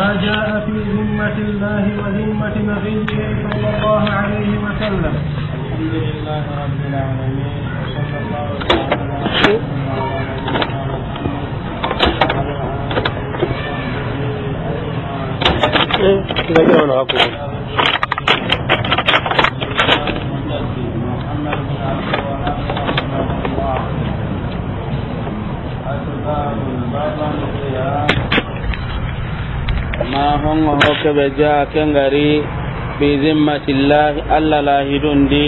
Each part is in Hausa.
ما جاء في ذمة الله وذمة نبيه صلى الله عليه وسلم. الحمد لله رب العالمين وصلى الله وسلم على محمد وعلى آله وصحبه أجمعين. ma ho ke be ja kengari bi zimmatillah alla la di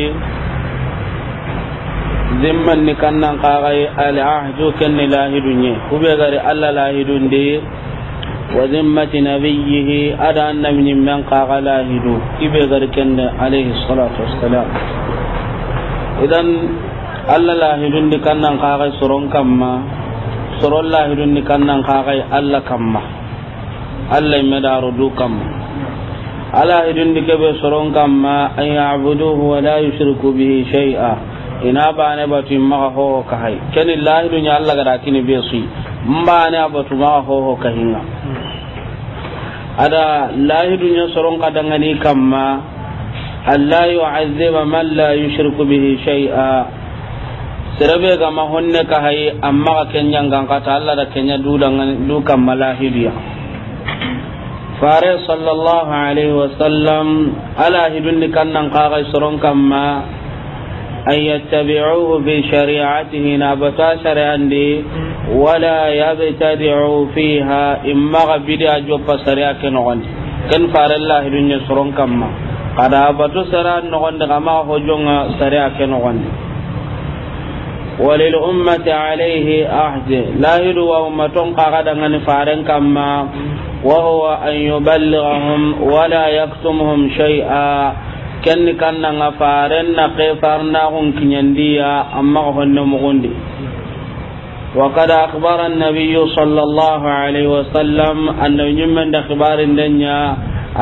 zimman ni kannan kagai al ahdu ni la hidunye be gari alla la di wa zimmati nabiyhi ada annam min man kaga la hidu ibe gari kenna alayhi salatu wassalam idan alla la hidundi kannan kagai soron kamma soron la hidundi kannan kagai alla kamma allah me daru du kamma ala soron an yabuduhu yushriku bihi shay'a ina bane batu allah gada kini be mbane a batu maga hoho kahinga ada soron yu'azziba man la yushriku bihi ga ma honne ka hay amma ka kenyan ta Allah da kenya du malahidiya فاري صلى الله عليه وسلم ألا هدن كنا قاغي سرون كما أن يتبعوه في شريعته نابتا شريعا دي ولا يبتدعوا فيها إما غبدي أجوب سريعا كنغن كن فاري الله هدن سرون كما قد أبتو سرا نغن غما هجون سريعا كنغن وللأمة عليه أحد لا هدو أمتون قاغدا فارن كما وهو أن يبلغهم ولا يكتمهم شيئا كن كان غفارنا قفرنا كنيندية أما هن مغندي وقد أخبر النبي صلى الله عليه وسلم أن يمن أخبار الدنيا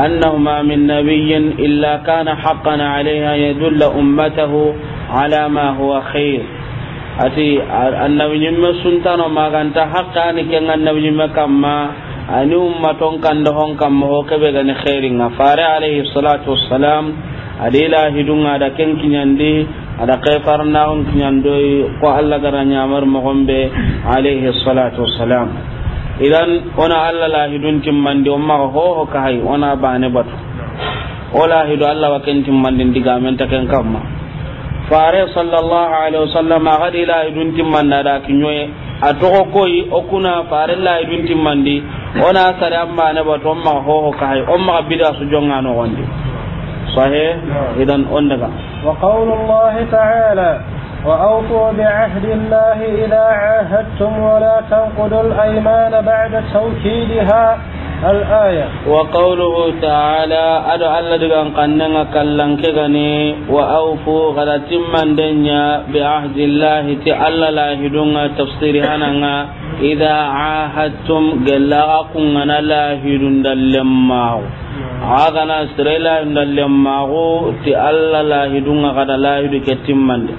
أنه ما من نبي إلا كان حقا عليها يدل أمته على ما هو خير أتي أن يمن سنتان ما كانت حقا أن النبي يمن كما ani ummaton kanda hon kamma ho kebe gani khairinga fare alayhi salatu wassalam adi lahidunga ada ken kiñandi ada kefarnahon kiñandoyi ko alla gara ñamar mogonɓe alayhi salatu wassalam idan ona alla allah lahidun timmandi umma ho ho kai ona bane batu ola hidu alla wa ken timmandi digamen ta ken kamma fare sallallahu alaihi wasallam agadi la idun timmanna da kinyoye atogo koyi okuna fare la idun timmandi ona sare amma ne ba to amma ho ho kai amma bida su jonga no wonde sahe idan on daga wa qaulullahi ta'ala وأوفوا بعهد الله إذا عاهدتم ولا تنقضوا الأيمان بعد توكيدها الآية وقوله تعالى أدو ألا دقان قننا kallan كغني وأوفوا غلتم من دنيا بعهد الله تعالى لا هدونا تفسير هننا إذا عاهدتم قلقكم أنا لا هدون دلماو agana sere lahidunda lemmaxu ti allah lahidunga xada lahidu ke timmande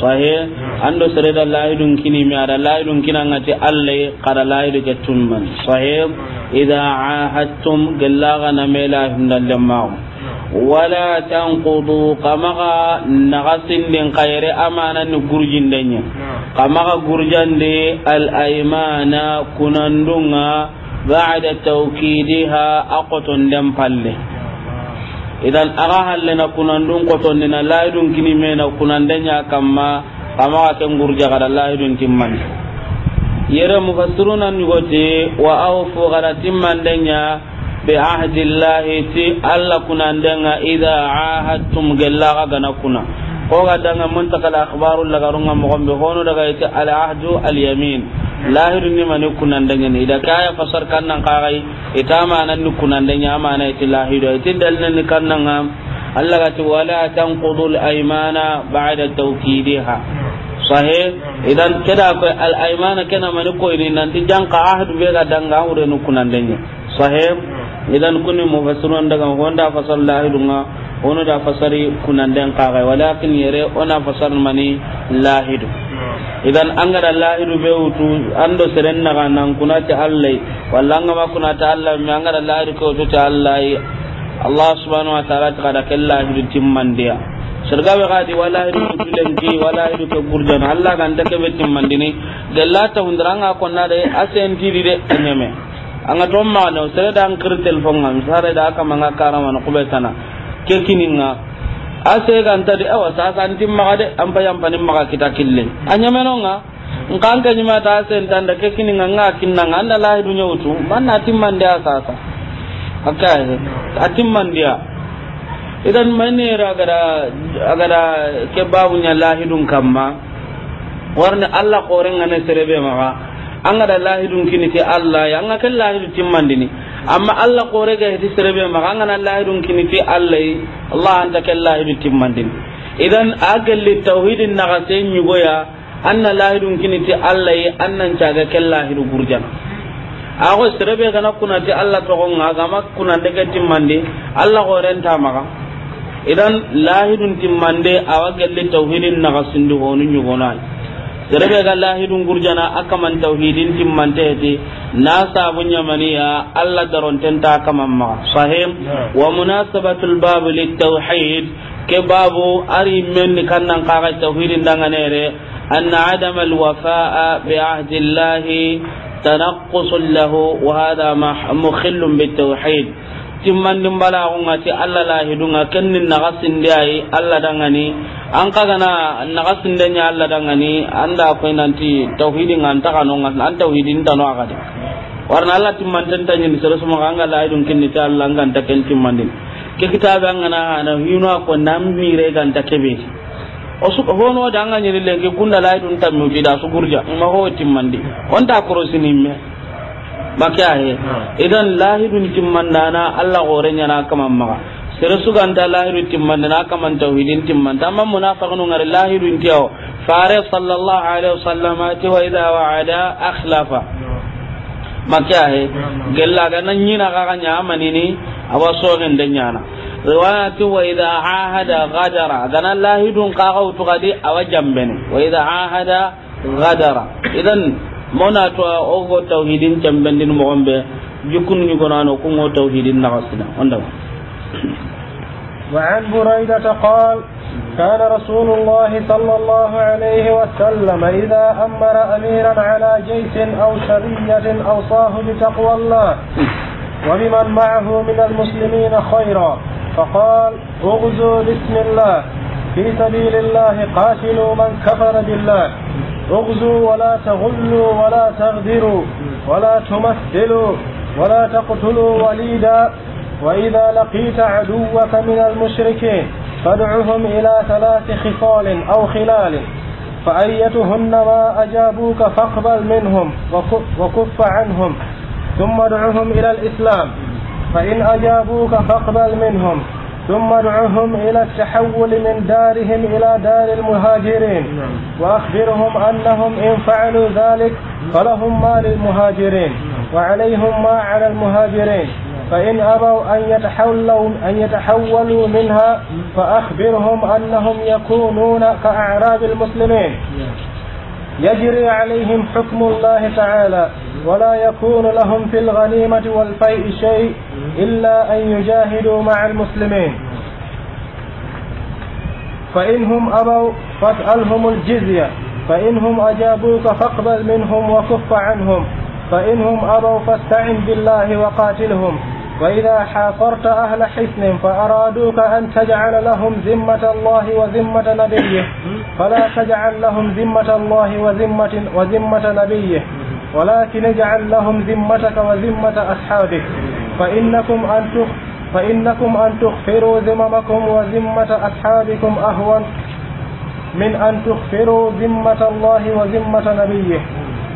sahe ando sereda lahidun kinimi ada lahidun kinanga ti allah xada lahidu ke timmande sahe إذا عاهدتم قلاغنا ميلا هندلماهم ولا تنقضوا قمغا نغس من خير أمانا نقرجن دين قمغا قرجن دي الأيمان كنندنا بعد توكيدها أقتن دم فله idan aga hallena kunandun kotondina layidun kinimena kunandenya kamma kamaga ken gurjagadalaidun timmani yere mufassiruna nyugoti wa fu gara timmandenya be ahdillahi ti alla kunandenga idha ahadtum ga gana kuna ga danga muntakal akhbaru lagarunga mogombe hono daga ite al ahdu al yamin lahiru ni mani kunandenya ni da kaya fasar kannan kagai ita mana ni kunandenya amana ite lahiru dal dalna ni kannanga Allah ga ci wala tanqudul aymana ba'da tawkidiha sahe idan keda ko al aymana kana mani ko nan nanti janka ahdu be ga danga hure nu kunandenya sahe idan kunni mufassirun daga fa fasallahi dunga ono da fasari kunanden kaga walakin yare ona fasar mani lahidu idan an gada lahidu be wutu an do seren kan nan kunati allai walla an gama ta allai mi an gada lahidu ko to ta allai allah subhanahu wa ta'ala ta kada kallahi dia sirga be gadi wala hiru tulenki wala hiru ke burjan alla kan da ke betin mandini galla ta hundrang ko na de asen ti di de nyeme anga to ma no sere da angkir telefon ngam sare da aka manga karama no kube sana ke kininga ase kan ta de awa sa san tim ma de ampa yam panim ma kita kille anya menonga ngkan ka nyima ta asen tanda ke kininga nga kinna nganda la hiru nyautu man na tim mande asasa akai atim mandia idan manera agada agada ke babu nya lahidun kamma warne Allah koren ngane serebe maka anga da lahidun kini ti Allah ya anga ga kan lahidun timmandini amma Allah kore ga hiti serebe ma anga na lahidun kini ti Allah Allah an ta kan lahidun dini. idan agalli tauhidin na ga sai mi goya anna lahidun kini ti Allah annan ta ga kan lahidu gurjana ago serebe gana kunati allah togonga gama di timmandi allah ta maga idan lahidun timmande awa gelli tauhidin naga sindi honu nyugonai serebe ga lahidun gurjana akaman tauhidin timmante ti na sabu nyamaniya alla daronten ta kaman ma sahim wa munasabatul bab litauhid ke babu ari menni kannan kaga tauhidin danganere anna adama alwafa'a bi ahdillahi تنقص له وهذا مخل بالتوحيد timmandin balagunga ti allah lahidunga kennin nagasinde ayi alla dangani an kagana nya alla dangani anda koy nanti tauhidin an taganonga an tauhidin tano agade warna alla allah timmantentanyini sere sumaga anga lahidun kinni ti allah anganta ken timmandin ke kitabe na ana hino ko nan mire ganta kebe o su hono da anga nyiri lenge kunda lahidun tammi da su gurja ma ho timmandi on ta korosini me maka he hmm. idan lahidun timmandana allah gore na kaman maka sere suganta lahiru timmandana kaman tauhidin timmanta amma munafiqun ngari lahidun tiyo fare sallallahu alaihi wasallam ati wa idha wa'ada akhlafa hmm. maka he hmm. gella ga nan nyina ga nya amanini awa so nya na riwayati wa idha ahada ghadara gana lahidun qaqautu utu gadi awa jambene wa idha ahada ghadara idan mona to ogo tauhidin cambendin mo gombe jukun ni gonano ko ngo tauhidin na wasina onda وعن بريدة قال كان رسول الله صلى الله عليه وسلم إذا أمر أميرا على جيش أو سرية أوصاه بتقوى الله ولمن معه من المسلمين خيرا فقال اغزوا بسم الله في سبيل الله قاتلوا من كفر بالله اغزوا ولا تغلوا ولا تغدروا ولا تمثلوا ولا تقتلوا وليدا وإذا لقيت عدوك من المشركين فادعهم إلى ثلاث خصال أو خلال فأيتهن ما أجابوك فاقبل منهم وكف عنهم ثم ادعهم إلى الإسلام فإن أجابوك فاقبل منهم ثم ادعهم إلى التحول من دارهم إلى دار المهاجرين وأخبرهم أنهم إن فعلوا ذلك فلهم ما للمهاجرين وعليهم ما على المهاجرين فإن أبوا أن يتحولوا أن يتحولوا منها فأخبرهم أنهم يكونون كأعراب المسلمين يجري عليهم حكم الله تعالى ولا يكون لهم في الغنيمة والفيء شيء إلا أن يجاهدوا مع المسلمين فإنهم أبوا فاسألهم الجزية فإنهم أجابوك فاقبل منهم وكف عنهم فإنهم أبوا فاستعن بالله وقاتلهم وإذا حاصرت أهل حصن فأرادوك أن تجعل لهم ذمة الله وذمة نبيه فلا تجعل لهم ذمة الله وذمة, وذمة نبيه ولكن اجعل لهم ذمتك وذمة أصحابك فإنكم أن تخ فإنكم أن تغفروا ذممكم وذمة أصحابكم أهون من أن تغفروا ذمة الله وذمة نبيه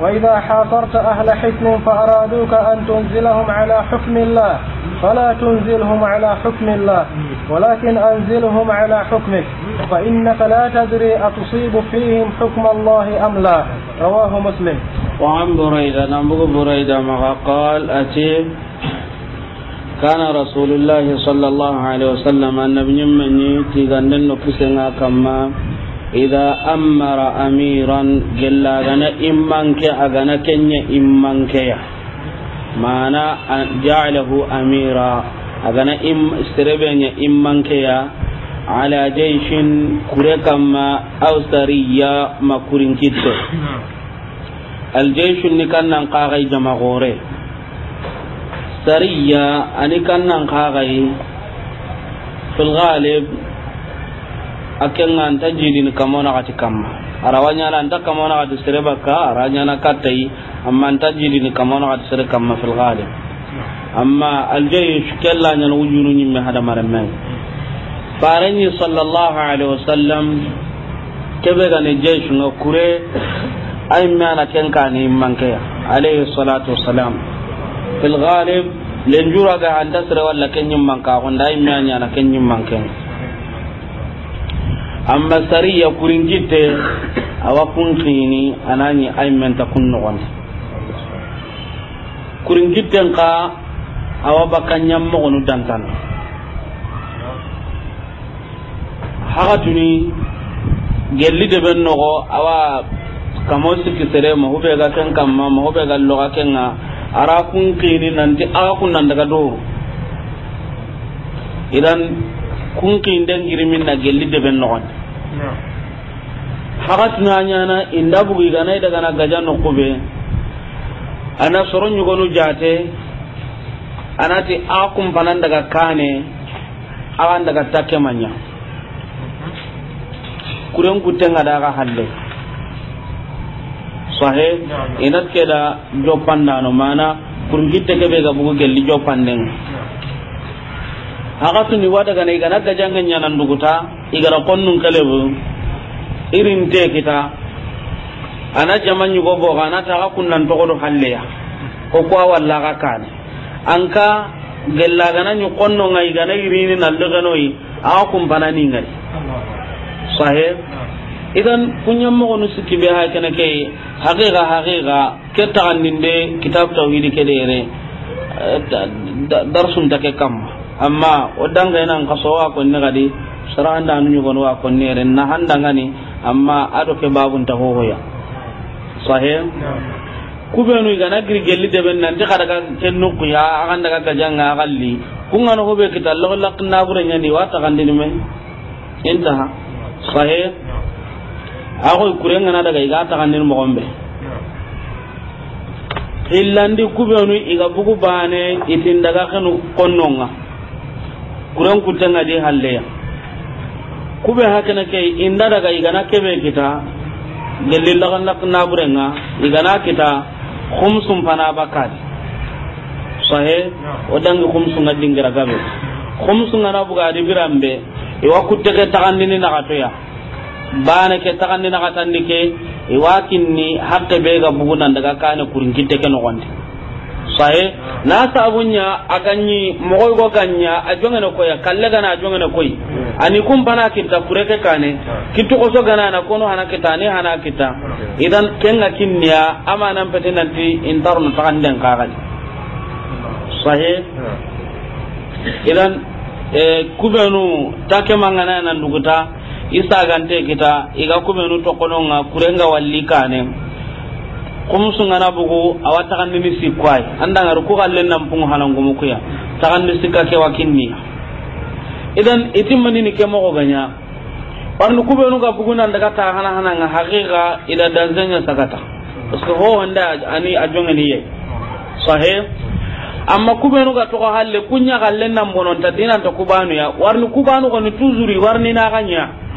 وإذا حاصرت أهل حكم فأرادوك أن تنزلهم على حكم الله فلا تنزلهم على حكم الله ولكن أنزلهم على حكمك فإنك لا تدري أتصيب فيهم حكم الله أم لا رواه مسلم وعن بريدة نبو بريدة ما قال أتي كان رسول الله صلى الله عليه وسلم أن ابن يمني تيغنن نفسنا كما an mara amiran gilla gana immanke a gana kenya immanke ya mana ja'alahu amira a gana istirabiyan ya immanke ya ala jaishin kure kama austari ya ni kan nan jama gore sariya ani kan nan kagai akenga anta jidin kamona kati kamma arawanya na anta kamona kati sire baka aranya na yi amma anta jidin kamona kati sire kamma fil ghalib amma aljaysh kella nyana wujunu nyimme hada maramme faranyi sallallahu alaihi wasallam kebe ga ne jaysh na kure ay mana kenka ne manke alaihi salatu wassalam fil ghalib lenjura ga anta sere walla kenyim manka honda ay mana nyana kenyim manke amma sariya kurin gitte awa wakun kini anani ay men ta kun kurin gitten ka awa bakanyam yan gonu dantan haka tuni gelli da ben nogo awa kamo ki sere ma hube ga ken kamma ma hube ga loga ga ara kun kini ti a kun nan daga do idan kun kinden girmin na gelli deben na nya na inda bugi daga na gaja be ana soro ñugonu jate anati a banan daga kane awan daga takke manya mhm. kuren kuttenga daga halle sahe inat keda joppandano mana ke be ga bugu gelli joppandenga haka suni wada na igana da jangan nyanan duguta igara konnun kalebu irin te kita ana jaman yugo boga ana ta kunnan to godo halleya ko kwa walla ka kan anka gella gana nyu konno ngai gana irini nallo ganoi hakun kun banani ngai sahib idan kunyan mo nu suki be ha kana ke haqiqa haqiqa ke ta anninde kitab tauhid ke dere eh, darsun take ke kamma amma odanga ina kaso wa ne gadi sara handa anu nyugo wa ne ren na handa ngani amma ado ke babun ta ku sahih kubenu igana giri gelli deben nanti kada ka kennu kuya akan daga gajanga akalli kungano hobe kita lo lakna gure nyani wata kandini me intaha sahih agoy kurengana daga iga taxandin moxonɓe xillandi kuɓenu iga bugu bane itin daga xenu konnonga kuran kutanga di halleya kube hakana ke inda daga igana kebe kita gelli lagan lak burenga igana kita khumsum fana bakari sahe odan khumsum na dingira gabe khumsum na buga di birambe iwa kutte ke tagandini nakatoya bana ke tagandini ni ke wa kinni hakke be ga bugunan daga kane kurin kitte ke nogonde sahe na sabunya aganyi mogoy go ganya ajongene koya kalle gana ajongene koy ani kun bana kita kureke kane kitu koso gana na kono hana kita ne hana kita idan kenga kinniya ama nan pete nanti intarun takanden kagal sahe idan e kubenu take mangana nan duguta isa gante kita iga kubenu to kononga kurenga walli kane kumsu ngana bugu awa takan ni si kwai anda ngaru ku kallen nam pung halang gumu kuya takan ni sikka ke wakinni idan itim mani ni ke mo ganya warnu kube nu ga bugu nan daga ta hana hana nga haqiqa ila danzanya sakata usko ho anda ani ajonga ni ye sahe amma kube nu ga to halle kunya kallen nam bonon ta dinan to kubanu ya warnu kubanu ko ni tuzuri warni na ganya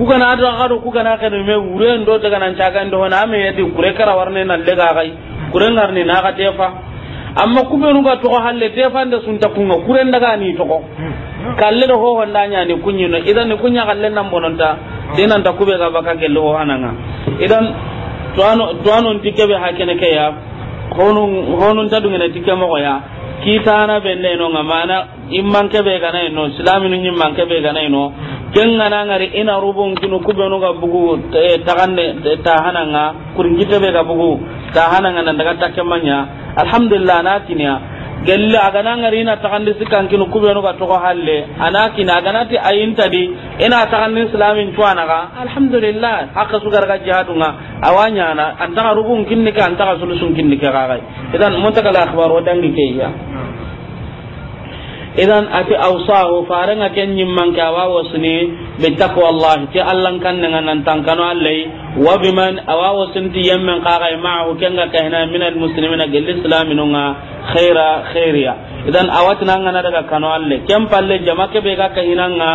kugana ado ku kugana kene me wure ndo daga nan caga ndo na me yadi kure kara warne nan daga kai kure ngarne na ka tefa amma ku nu ga to halle tefa nda ku kunga kure ndaga ni to ko kalle do ho wanda nya ni kunyi no idan ni kunya kalle nan bononta dinan ta kube ga baka ke lo hananga idan tuano tuano ntike be hakene ke ya honun honun ta dungene tike mo ya na benne no ngamana imman kebe ga nay no islamin nyimman kebe ga nay no kengana ngari ina rubun kinu kubenu ga bugu ta hana nga kuringite be ga bugu ta nga nan daga manya alhamdulillah na tinya gelle agana ngari ina su kan kinu kubenu ga toko halle anaki na agana ti ayinta di ina tagandi islamin na ga alhamdulillah hakka sugar jihadu nga awanya na antaka rubun kinni ka antaka sulusun kinni ka ga idan mun taka al akhbar wadangi keiya ya hmm. idan ati awsahu faranga ken nyimman ka wa wasni bi taqwallah ti allan kan nan nan tankano allai wa biman awa wasinti yamman ka ga ma'ahu ken ga kaina min al muslimina gil nga khaira khairiya idan awatna nan daga kano allai ken palle jama ke be ga kaina nga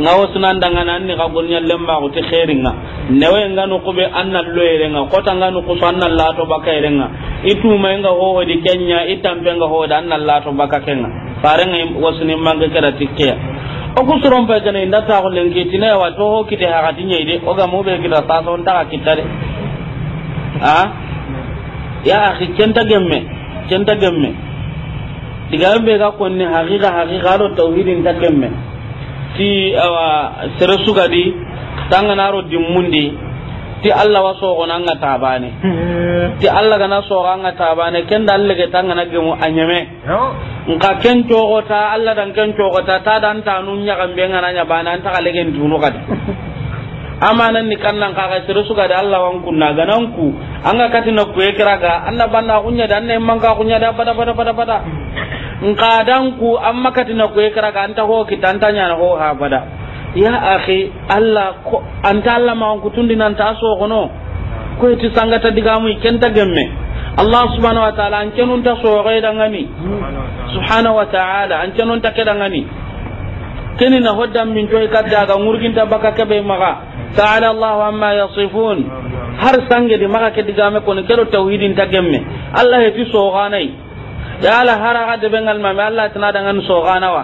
nga wasu nan da ngana ni ka gonya lemma ko te khairinga newe nga no ko be anna loyere nga kota nga no ko sanna la to baka erenga itu ma nga ho di kenya itambe nga ho da anna la to baka kenga pare nga ni manga kada tikke o ku suron pa kana inda ta ko lengi tina wa to ho kite ha gatinya ide o ga mu be kita ta son ta kitare ha ya akhi kenta gemme kenta gemme diga be ga konni haqiqa haqiqa do tauhidin ta gemme ti awa sere tanga naro dimundi ti allah wa gona nga tabane hmm. ti allah gana soga nga tabane kenda ke tanga tangana gemu anyame nka ken gota allah dan ken gota ta dan tanu nyagambe ngana bana anta kale gen dunu kadi amanan ni kan ka kaga sere sugadi allah wan kunna gananku anga katina kuye kiraga anna banna kunya dan ne manga kunya da bada bada bada bada hmm. nkadan ku amma katina ku kira kan anta ho kita anta nyana ho ha bada ya akhi alla ko anta alla ma ku tundi nan ta so gono ko ti sangata digamu kenta gemme allah subhanahu wa ta'ala an kenun ta so ga ngani subhanahu wa ta'ala an kenun ta ngani. kini na hoddan min to e ka daga ngurgin ta baka kebe maga ta'ala allah amma yasifun har sange di maga ke digame ko ne kero tauhidin ta gemme allah he ti so ganai ya ala hara de bengal ma Allah tana dangan so gana wa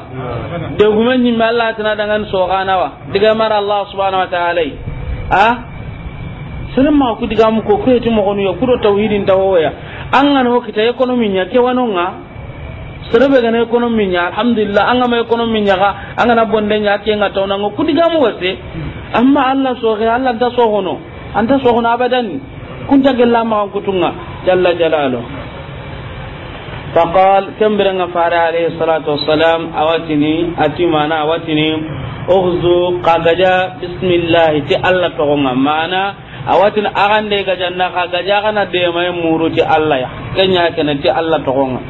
de gumen ni Allah tana dangan so gana wa diga mar Allah subhanahu wa ta'ala a sirin ma ku diga mu ko ko ti mo gonu ya ku do tauhidin tawoya an an ho kita economy nya ke wanonga serebe gana economy nya alhamdulillah an ma economy nya ga an na bonde nya ke nga tawna ngo ku diga mu wase amma Allah so ga Allah da so hono anta so hono abadan kun ta gella ma kutunga jalla jalalo فقال كم برنا فارع عليه الصلاة والسلام أواتني أواتني أغزو قاقجا بسم الله تي الله تغنى أواتن أغن دي قاقجا دي ما يمورو تي الله كن تي الله تغنى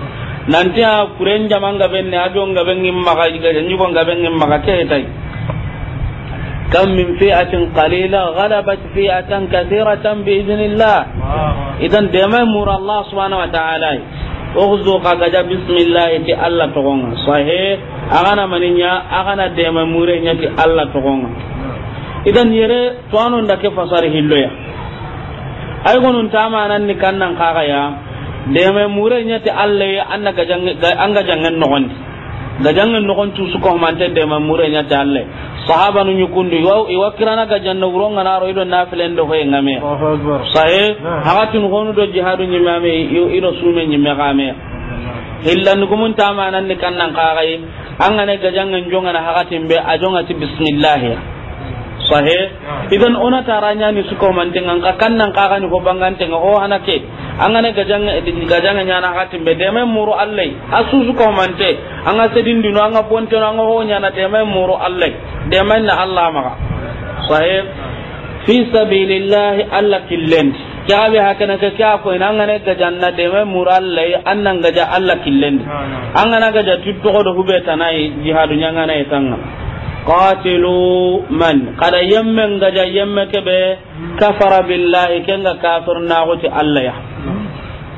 nanti a kuren jaman gaben ne ajo gaben ngim maga gaja nyugo gaben maga ke tay kam min fi'atin qalila ghalabat fi'atan idan allah subhanahu oxzo kagaja bismillah ti alla togonga sahe agana maninya agana dema nya ti alla togonga idan yere tuwanon da ke hillo ya ay gonun nan ni kannan kaga ya dema nya ti alla ya anna gajangan an gajangan nogondi gajangan nogon tu su ko mante dema nya ti alla sahaba nu nyukundu iwa kirana ga janna wuronga naro ido nafilen do hoye ngame sahe hakatin gonu do jihadu nyimame ido sume nyimame hillan gumun nan ni kannan yi an ga gajangan jonga na hakatin be a jonga ti bismillah sahe idan ah. ona taranya ni suko mantengan ka kannan ka gani hobangan tenga o oh, hanake angane gajang eh, gajang eh, na hatim be deme muru allai asu suko mante anga sedin dino anga ponte anga ho nyana deme muru allai deme na allah maka sahe fi sabilillah alla killen kyabe hakana ka kya ko ina ngane ga janna de me murallai annan ga ja alla killen an ah, ah. ngana ga ja tutto ko do hubeta nai jihadu ngana nai tanga قاتلوا من قد يمن غجا kebe كبه كفر بالله كن كافر ناغوتي الله يا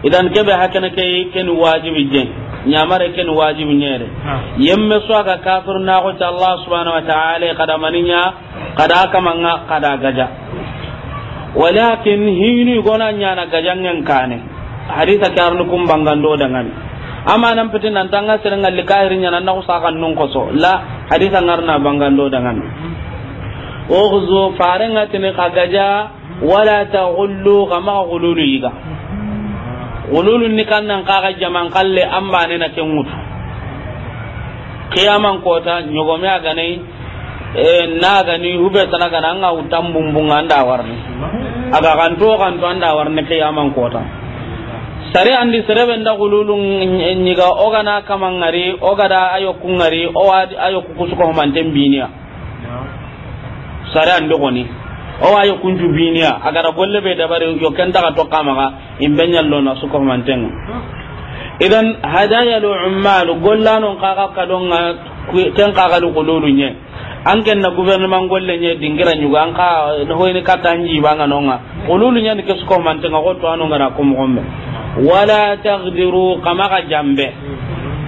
idan kebe hakana kai ken wajibi jen nyamare ken wajibi nyere yemme so ga kafir na ko ta Allah subhanahu wa ta'ala kada maninya kada kamanga kada gaja walakin hinu gona nyana gajangen kane hadisa karnu kum bangando dangani amma nan fitin nan tanga sirin alli kahiri nan na usakan nun koso la hadisa ngarna bangando dangan oghzu farenga tini kagaja wala taghullu kama ghululu yiga ghululu ni kan nan kaga jaman kalle amma ne na ken mutu kiyaman kota nyogome ne eh na ni hube tana gana anga utam bumbunga anda warne aga kan to kan to anda warne kiyaman kota sare andi sare nda gululu nyiga ogana kamangari ogada ayoku kungari o wadi ayoku kusuko homanten biniya sare andi goni o ayo kunju binia agara golle be dabare yo kenta ka to kamaga imbenya lona suko homanten idan hadaya lu ummal gollano kaga kadonga ten kaga lu gululun nye an ken na gouvernement golle nye dingira nyugo an ka hoyni kata nji banga nonga ululu nya ni kesko mante nga goto anonga na kum gombe wala taqdiru kama ka jambe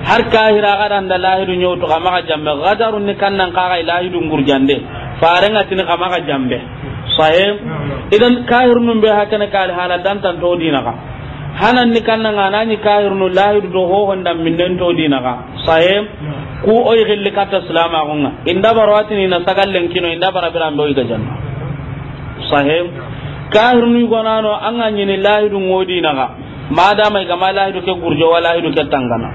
har kahira kada da lahiru to kama ka jambe gadaru ni kannan ka ga lahiru jande farenga tin kama ka jambe sahem mm. idan kahir num be hakana kal hala dan tan to dinaka hanan ni ni kairu no lahidu do hohon min minden to dinaga saye ku oy gilli kata islama gonga inda ni na sagallen kino inda barabiran ndo iga janna sahe kahirnu gonano anga nyini lahidu ngodi naga madama iga ma lahidu ke gurjo wala lahidu ke tangana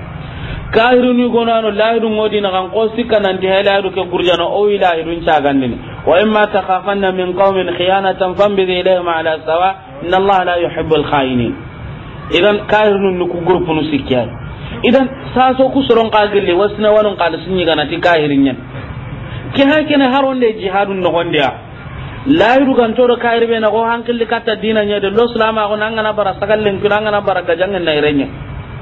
kahirinu no lahidu ngodina kan ko sikka nanti hala lahidu ke no o wi lahidun ni wa imma takhafanna min qaumin khiyanatan fambi ilayhim ala sawa inna allaha la yuhibbul alkhayinin idan kahirnun nuku gurpunu sikiya idan so ku soron kagille wani kada sun yi gana ti kahirin yan ke hakene haronde jihadun no gondiya layiru kan to da kahir be na go hankilli katta dina ne de lo salama go nan gana bara sagallen kun nan gana bara gajangen na irenya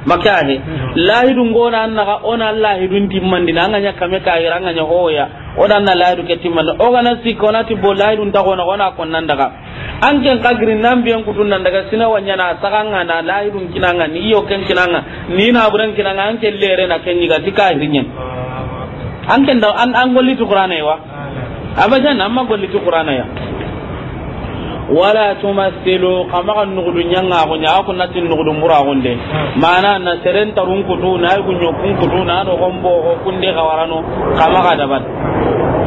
makahe hmm. lahidu ngona an naga ona lahidun timmandi nan nganya kame kahir an nganya hoya odan na laidu ke timman o gana si kona ti bo laidu ta gona gona kon nan daga an ken kagri nan biyan kutun nan daga sina wanya na saganga na laidu kinanga ni yo ken kinanga ni na buran kinanga an ken lere na ken yiga tika kahrinyen an ken da an an golli tu qur'ana wa abajan amma golli tu qur'ana ya wala tumassilu kama nugudu nyanga ko nya ko natin nugudu mura gonde mana na seren tarun kutu na ko kun kutu na no gombo ko kunde kawarano ka dabat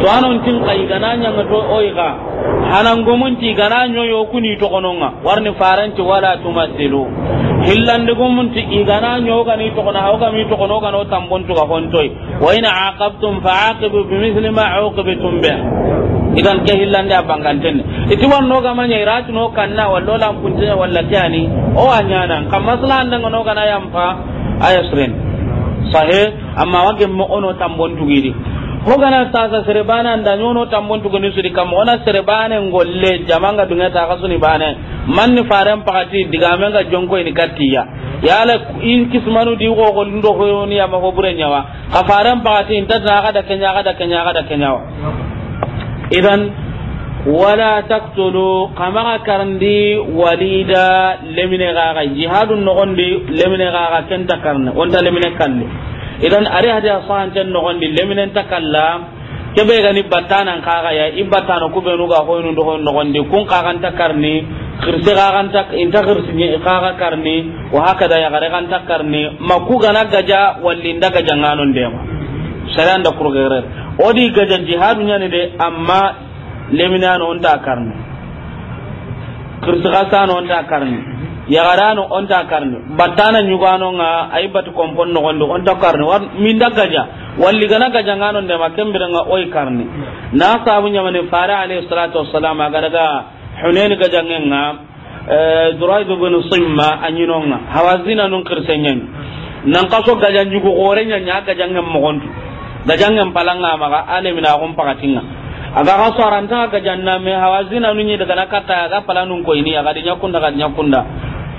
to anon tin kai oiga hanan gomun ti kuni to kononga faranti wala gomun ti to kona hawga mi to kono gano tambon to wa ina aqabtum ma uqibtum bih idan ke hillande a ne iti wanno gama nyai ratu no kanna wallo lam kuntinya walla tiani o anyana kam masla anda ngono kana yampa ayasrin sahe amma wage mo ono tambon tugidi ho gana tasa serbana anda nyono tambon tugini suri kam ona serbana ngolle jamanga dunga ta bana bane ni faran pakati digamenga jonko ini kattiya la in kismanu di go go ndo ho ni ama ko nyawa ka faran pakati intat na kada kenya kada kenya kada kenya idan wala taktulu kamara karandi walida lemine gaga jihadun nogondi lemine gaga kenta karne onta lemine kanne idan ari hadi asahan tan nogondi lemine takalla kebe gani batana kaga ya ibatana battano ku benu ga hoynu ndo hoynu nogondi kun kagan takarni khirse kagan tak inta khirse ni kaga karni wa hakada ya gare kan takarni makuga gana gaja wallinda gaja nganon dema kurgerer odi gajan jihadu nyani de amma lemina no onta karne karni kirtikasano onta karne karni yagarano onta karne batana nyugano nga aibat kompon no gondo onta karne war minda gaja walli gana gaja ngano de makembira nga oi karne na sabu nyamane fara alayhi salatu wassalam aga daga hunain gaja nga duraid eh, bin simma anyino nga hawazina nun kirsenyen nan kaso gaja nyugo gore nya nya gaja ngam mo gondo gajangen palanga maga ane mina gon pakatinga aga ga ta ga janna me hawazina nunyi daga nakata ga palanun ko ini aga dinya kunda ga dinya kunda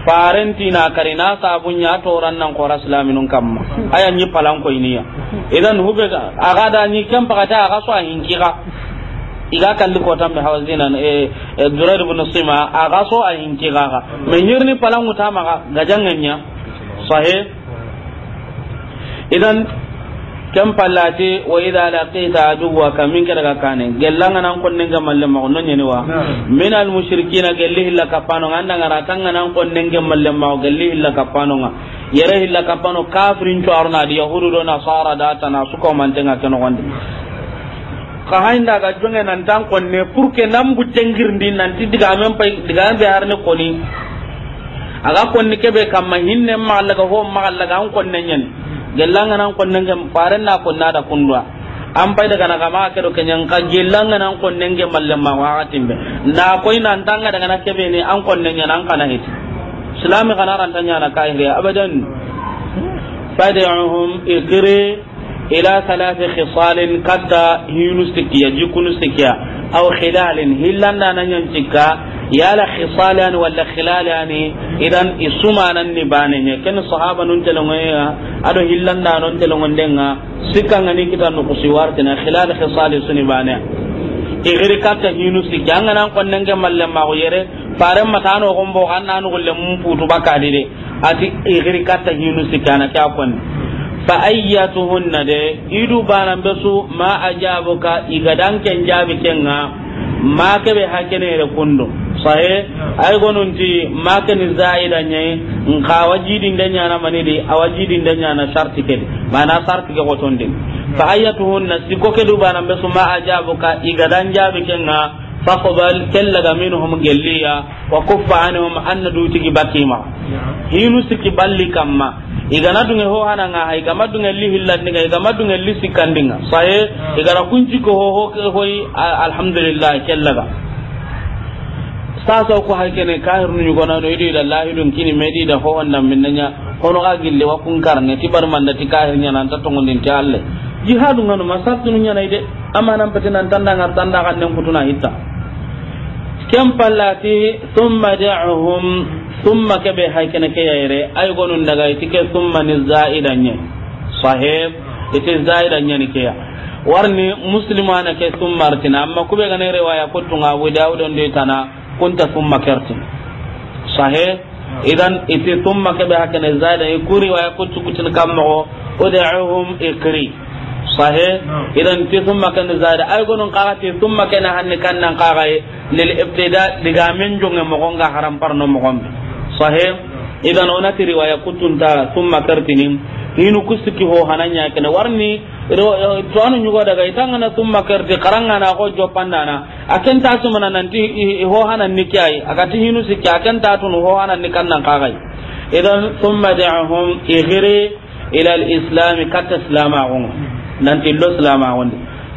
parenti na karina sabunya ran nan ko raslaminun kamma aya nyi palan ko ini ya idan hube aga da nyi kan pakata aga so hinkiga iga kalli kotan be hawazina e eh, eh, durar ibn sima aga so a hinkiga ga men yirni palan uta maga gajangen nya idan kem palati wa idha laqita aduwa ka min kada ka kane gellanga nan konne ga malle ma non yene wa min al mushrikina gelli hilla kapano ngana ngara tanga nan konne ga malle ma gelli hilla kapano nga yere hilla kapano kafirin to arna di yahudu do nasara da ta na suko man tenga keno gonde ka hainda ga jonge nan tan konne purke nam bu tengirndi nan ti diga men pay diga be arne koni aga konni kebe kamma hinne ma alaga ho ma alaga an konne nyen gelanga nan kon ga faran na kon nada kunwa ampai daga na kama ka doke nyan ka gelanga nan konnen ga mallem ma wakatin be na koi nan tanga daga na kebe ni an kon nyan nan kana hiti islami kana ran tanya na kai re abadan fadahum ikri ila thalath khisalin katta hinustikiya jikunustikiya aw khilalin hillan nan nyan yala khisalani walla khilalani idan nan ni bane ne ken sahaba nun telongoya ado hillanda non telongondenga sikanga ni kita no kusiwartina khilal khisali suni bane igiri katta hinu sikki an ganan kwannen ke mallen mako yere faren matano gombo kan nanu gulle mun putu baka dide ati igiri katta hinu sikki ana kya kwanne fa na de idu banan besu ma ajabuka igadan ken jabi kenga ma kebe hakene re kundo sahe ay maka ni zaida nye nka wajidin da nyana manidi awajidin da nyana sharti ke mana sharti ke din fa nasiko ke du bana be suma ajabuka igadan jabi kenga faqbal kallaga minhum gelliya wa kuffa anhum anna tigi bakima hinu siki balli kamma igana dunge ho nga ha igama dunge li hillandinga igama dunge li sikandinga sahe igara kunji ko ho ho alhamdulillah ga sasa ko hakene kahir nu gona no idi da dum kini medi da ho wannan minnanya hono ga gille wa kun karne ti bar manda ti kahir nya nan ta tongon din ta alle jihadu ngano nu nya na amma amanan patinan tanda ngar tanda kan nan kutuna hitta kem pallati thumma da'uhum thumma kabe hakene ke yare ay gonun daga ke thumma ni nya sahib ite nya ni ke ya warni muslimana ke thumma artina amma kube ne riwaya ko tunga abu dawud don tana kunta thumma kartum sahih idan ite thumma zada ikuri wa yakutu kutin kammo ud'uhum ikri sahih idan ti thumma kan zada ay gonun nan qaray lil ibtida diga min jonge idan onati riwaya kutunta summa kartinin hinu kusuki ho hananya kene warni anu nyugo daga na summa karti karangana ko jopandana akan ta sumana nanti ho hanan nikai akati hinu sikki akan ta tunu ho hanan nan kagai idan summa da'hum igri ila al-islam kat islama nanti lo islama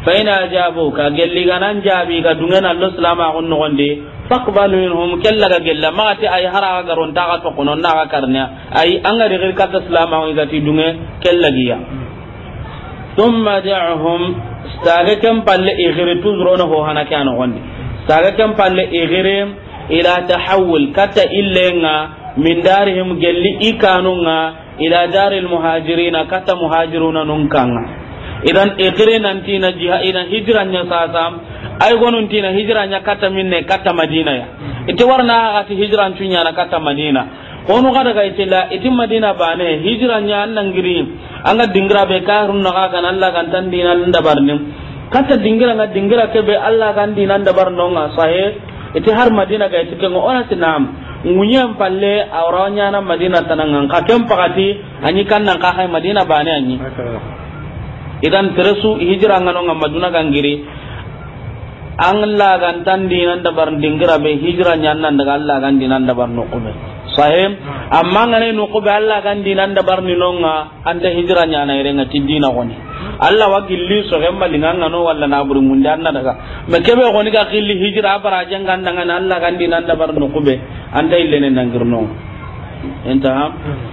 faina jabo ka gelli ganan jabi ga dungana allah salama on no wonde faqbal minhum kella ga gella ma ti ay hara ga ron daga to kono na ga karnya ay anga ga ka salama on ga ti dunga kella giya thumma palle igire tu ho palle igire ila tahawul kata min darihim gelli ikanunga ila daril kata muhajiruna nunkanga idan ikire nan tina jiha idan hijranya sasam ay gonun tina kata minne kata madina ya ite warna ati hijran tunya na kata madina konu kada ga ite la iti madina bane giri anga dingira be karun na ga Allah kan tan dina barnim kata ke be Allah kan dina sahe ite har madina ga ite kengo ona tinam ngunyan palle na madina tanangan ka kempakati anyi nan ka madina bane anyi idan teresu hijira ngano nga maduna gangiri an lagan tan dinan da bar dingira be hijira nyannan daga Allah gan dinan da bar nuqube sahim amma ngane nuqube Allah gan dinan da bar ninonga anda hijira nyana irenga tidina goni Allah wa gilli so gemma linganga no walla na buru munde anna daga me kebe goni ka gilli hijira bara janga ndanga Allah gan dinan da bar nuqube anda illene nangirno entaham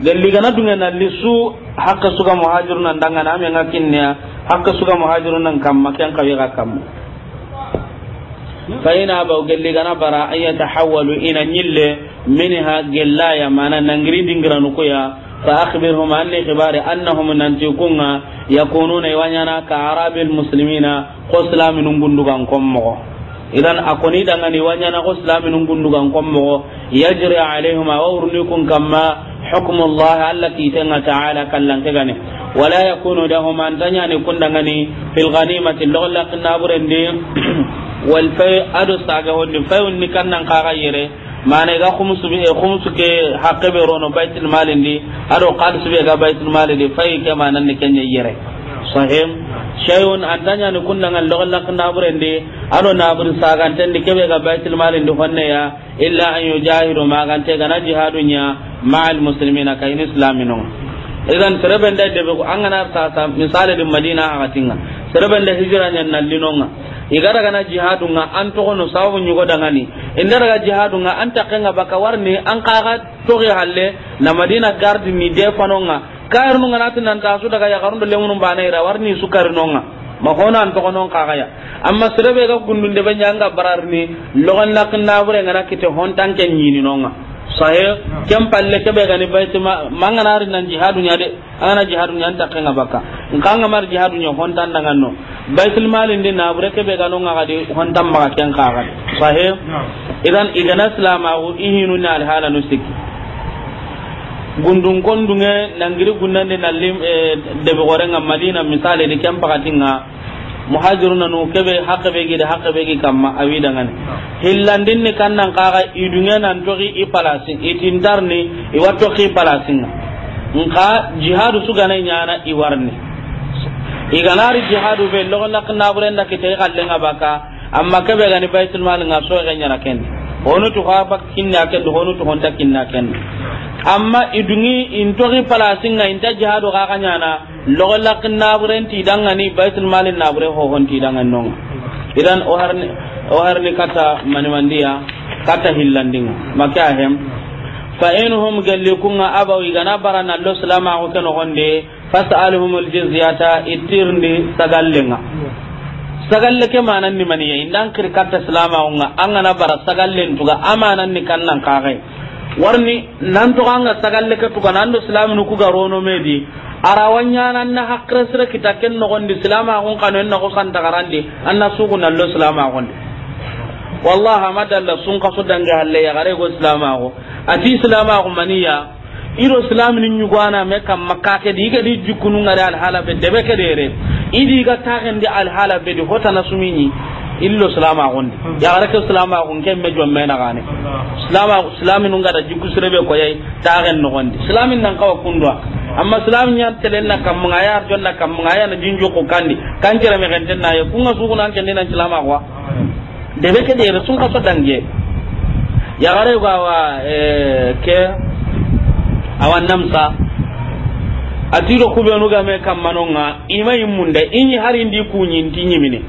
galli gana dungena lisu hakka suga muhajirun nan dangana ame nga kinnya hakka suga muhajirun nan kamma ken kawi ga kamma fa ina ba galli gana bara an yatahawwalu ina nyille minha gella ya mana nangiri dingira nuku ya fa akhbirhum an khibari annahum nantikunga yakununa wanyana ka arabil muslimina qoslamin ngundugan kommo idan akoni dangani wanyana ko qoslamin ngundugan kommo yajri alaihim wa urnikun kamma حكم الله التي تنى تعالى كلن تغني ولا يكون لهم أن تنياني كندغني في الغنيمة اللغة لقنا برندي والفي أدو ساقهن فيون نكنا قاغيري mana ga khumsu be khumsu ke haqqe be rono بيت المال ndi ado qad su be ga baitul mal ndi fay ke manan sahim shay'un adanya ni kunna ngal logal lak naburende ado nabur tan de kebe ga baitul mal indi honne ya illa an yujahiru ma te gana jihadunya ma'al muslimina ka in islamino idan sereben da de ko angana ta ta misale de madina a tinga sereben da hijra nan nallinonga igara gana jihadunga an to kono sawu nyugo dangani indara ga jihadunga an takenga baka warni an kaga to halle na madina gardi ni de fanonga kayar nu ngana nan ta su daga ya garundo lemun bana ira warni su sukar nonga ma hona an to konon ka ya amma sirabe ga gundun de banya nga barar ni logon nak na bure ngana kite hon tan ken yini nonga sahe kem palle ke be gani bayti mangana ri nan jihadu nya de ana jihadu nya ta kenga baka nka nga mar jihadu nya hon tan dangan no baitul mal ndi na bure ke be ga gano nga de hon tan ma ken ka gadi sahe idan igana salama go ihinu na alhala no sikki gundun kondunge nangiri gunnande nalli eh, debe gorenga madina misale di kem pakatinga muhajiruna nu kebe hakebe gi de hakebe gi kamma awi dangane hillandin ni kannan kaga idunge nan to toki i palasin itintarni iwa palasin nga nka jihadu sugana nyana iwarni iganari jihadu be logo nakna burenda kite kallenga baka amma kebe gani baitul mal nga so ga nyana kenne hono to ha bak kinna ken do hono to honta kinna ken amma idungi intori palasin ga inta jihadu ga kanyana logo lakin naburen ti dangani baitul malin nabure ho hon ti dangan non idan o harni o harni kata manimandiya kata hillandinga maka hem fa inhum gallikunga abawi gana barana lo salama ko ken honde sagallenga sagalle ke manan ni maniye indan kir ta salama an angana bara sagalle tuga amanan ni kannan kagai warni nan to anga sagalle ke tuga nan do salamu nu kuga rono medi arawanya nan na hakra sira kita ken no gondi salama on kanu en ko kan tagarandi anna sugu nan lo salama gondi wallahi madalla sun kaso danga halle ya gare go salama go ati salama go maniya iro islam ni nyugwana me kam makka ke di ga di jukunu ngara al hala be debe ke dere idi ga taxendi alhala hota na sumini illo salama gondi ya raka salama gon ken me me na gane silama silami nun da jikku sirebe ko yayi taxen no gondi salami nan kawa kundwa amma salami nyan telen na kam nga yar jon na kam nga na jinjo ko kandi kan jere me genten na ye kunga su kunan ken nan salama kwa de be ke de sun ka so dange gare ga wa eh ke awan namsa kube atido me kam manonga ima immunde inyi harindi kuñinti ñimini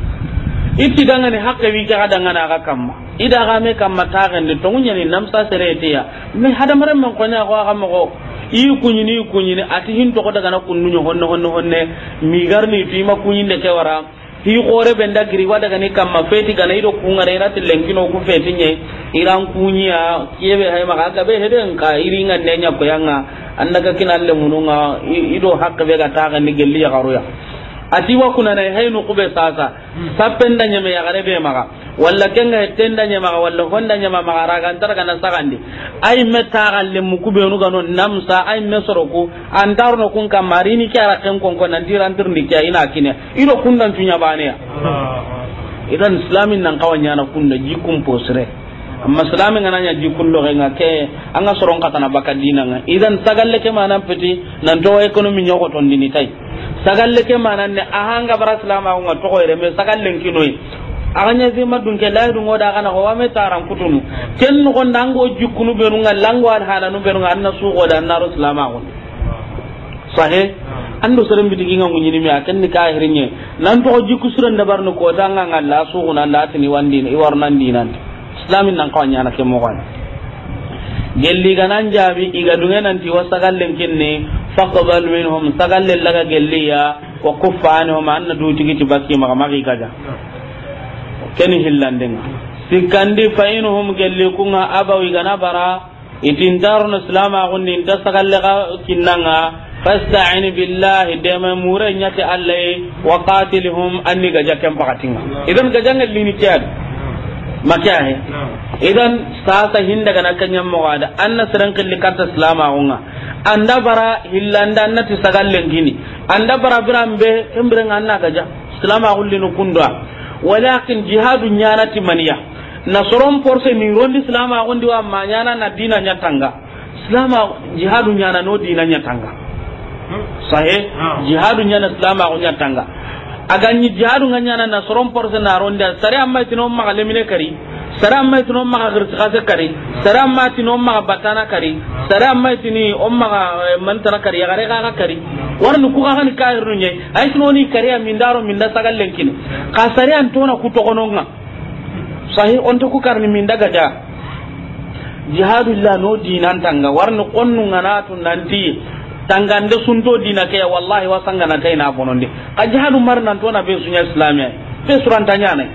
itti dangani hakke wi na ga kam ida ga me kamma taxende ni namsa sereteya mais hadamaren men kone ga axa moxo i ni i kuñini ati hin toxo dagana honno honne honne mi migarni tu kunyi ne ke wara hi gore ben da giri wada gani kamma feti gana ido kunga na irati lenkino ku feti nye iran kunya yebe hay maka ga be heden ka iringa nenya koyanga annaka kina alle nga ido hakka be ga ni gelli ya garuya ati wa kuna na haynu kube sasa hmm. sappenda nyame ya garebe maga walla kenga tenda nyama walla honda nyama magara ga ndar ga nasagandi ay meta galle mu kube no gano namsa ay mesoro ko antaro no kun kamari ni kya rakken kon kon ndira ndir ni kya ina kine ido kundan tunya bane ya ah, ah. idan islamin nan kawanya na kunna jikum posre amma salami ngana nya ji kullo nga ke anga soron kata na baka dina nga idan sagalle ke manan peti nan to economy nya ton dini tai sagalle ke manan ne ahanga bara salama ko to ko re me sagalle kinoi aganya zima dunke la du ngoda kana ko wa taram kutunu ken ko ndango jukunu be nga lango al nu be nga anna su ko dan naru salama ko sahe ando sere mbiti ginga ngunyini mi akan ni ka hirinye nan to jikku suran dabar no ko tanga ngalla su ko nan latini wandini iwar nan dinan islamin nan kawai yana ke mawai gelli ga nan iga minhum sagallen laga wa kuffa anhum anna du ti baski gaja fa inhum gelli kunga abawi gana bara itin darno islama gunni da sagallega kinnanga فاستعن بالله دم مورنيا anni وقاتلهم اني جاكم فقطين اذا makahe idan sasa hinda kana kanyan mawada an na siran kalli karta islama unga anda bara hillanda anna ti sagallen gini an dabara anda bara birambe an na gaja islama kullinu kundwa walakin jihadu nyanati maniya soron force ni rondi islama kundi wa manyana na dina nyatanga islama jihadu nyana no dina nyatanga hmm. sahe jihadu nyana islama kunyatanga aganyi jihadu nga nyana na soron porse na ronda sare amma tino maga lemine kari sare amma tino maga girti kase kari sare amma tino ma batana kari sare amma tini on man tara kari ya gare kaka kari warni ku kaka ni kahir nunye ay tino ni kari daro min da sagal lenkin ka sare antona kutokononga sahi to ku karni daga ja jihadu la no dinantanga ni konnu ngana tun nanti tangande sunto dina kaya wallahi wa sangana tay na bononde ajhadu marnan to na be sunya islamiya be suran tanya ne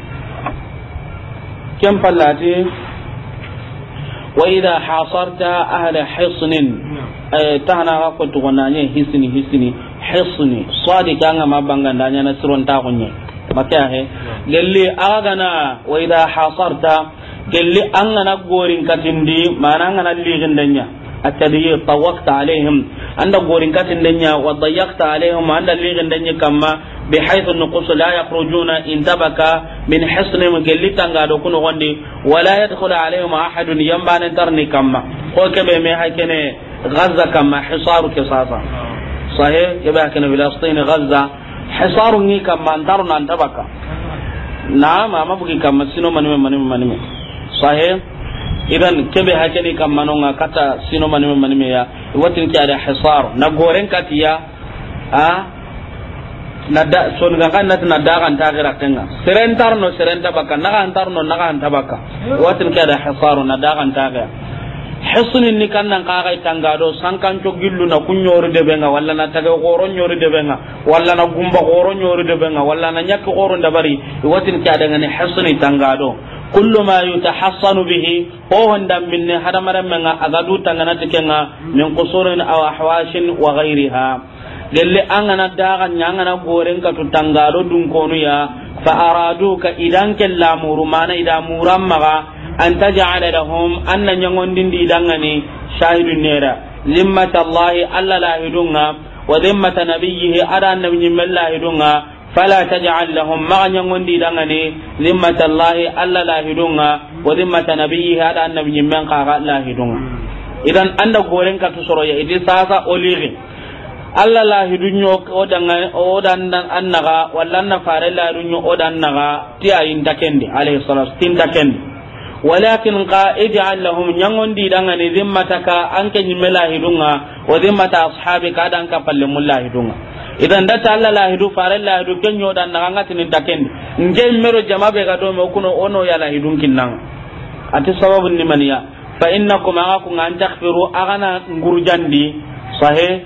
kem pallati wa idha hasarta ahla hisnin eh, tahna ga ko to gonanye hisni hisni hisni sadika nga mabanga danya na suran ta gonye makya he gelli aga na wa idha hasarta gelli an gana gorin katindi mananga na gana ligin danya atadiyi tawakta alaihim anda gorin katin denya wa dayaqta alaihim anda ligin denya kamma bi haythu nuqus la yakhrujuna in tabaka min hisnim gellita ngado kuno wonde wala yadkhulu alaihim ahadun yambana tarni kamma ko kebe me hakene gaza kamma hisaru kisasa sahih kebe hakene filastin gaza hisaru ni kamma antaru nan tabaka na ma mabugi kamma sino manime manime manime sahih idan kebe kan manonga kata sino manime manime ya watin ki ada hisar na goren katiya a na da so ga kan nati na da kan ta gira kenga serentar no serenta baka na kan tar no na kan ta baka watin ki ada hisar na da kan ta ga hisnin ni kan nan ka ga tangado sankan to gillu na kunyori de benga walla na taga goron nyori de benga walla na gumba goron nyori de benga walla na nyak goron da bari watin ki ada ngani hisni tangado kullu ma yutahassanu bihi ho honda minne hadamaren men aga du tangana tikenga min qusurin aw ahwashin wa ghayriha gelle angana daga nyangana goren ka tutangaro dun konu ya fa aradu ka idan kella muru mana ida muram maga an taj'ala lahum anna nyangondin di dangani shahidun nera zimmatallahi alla la hidunga wa zimmata nabiyhi ada annabi nyimella hidunga fala taj'al lahum maganya ngondi dangane zimmatallahi alla la hidunga wa zimmata nabiyhi ala annabi nyimmen ka la hidunga idan anda goren ka tusoro ya idi sasa la hidunyo o danga o dan annaga walla fare la dunyo o dan ti ayin dakendi alayhi salatu tin dakendi walakin ka ij'al lahum nyangondi dangane zimmataka anke nyimela hidunga wa zimmata ashabika dan ka palle mulla hidunga idan da ta Allah lahidu fare lahidu kenyo dan na ngati ni daken nge mero jama be ga do me kuno ono ya lahidun kinnan ati sababun ni maniya fa innakum aku ngan takfiru agana jandi sahe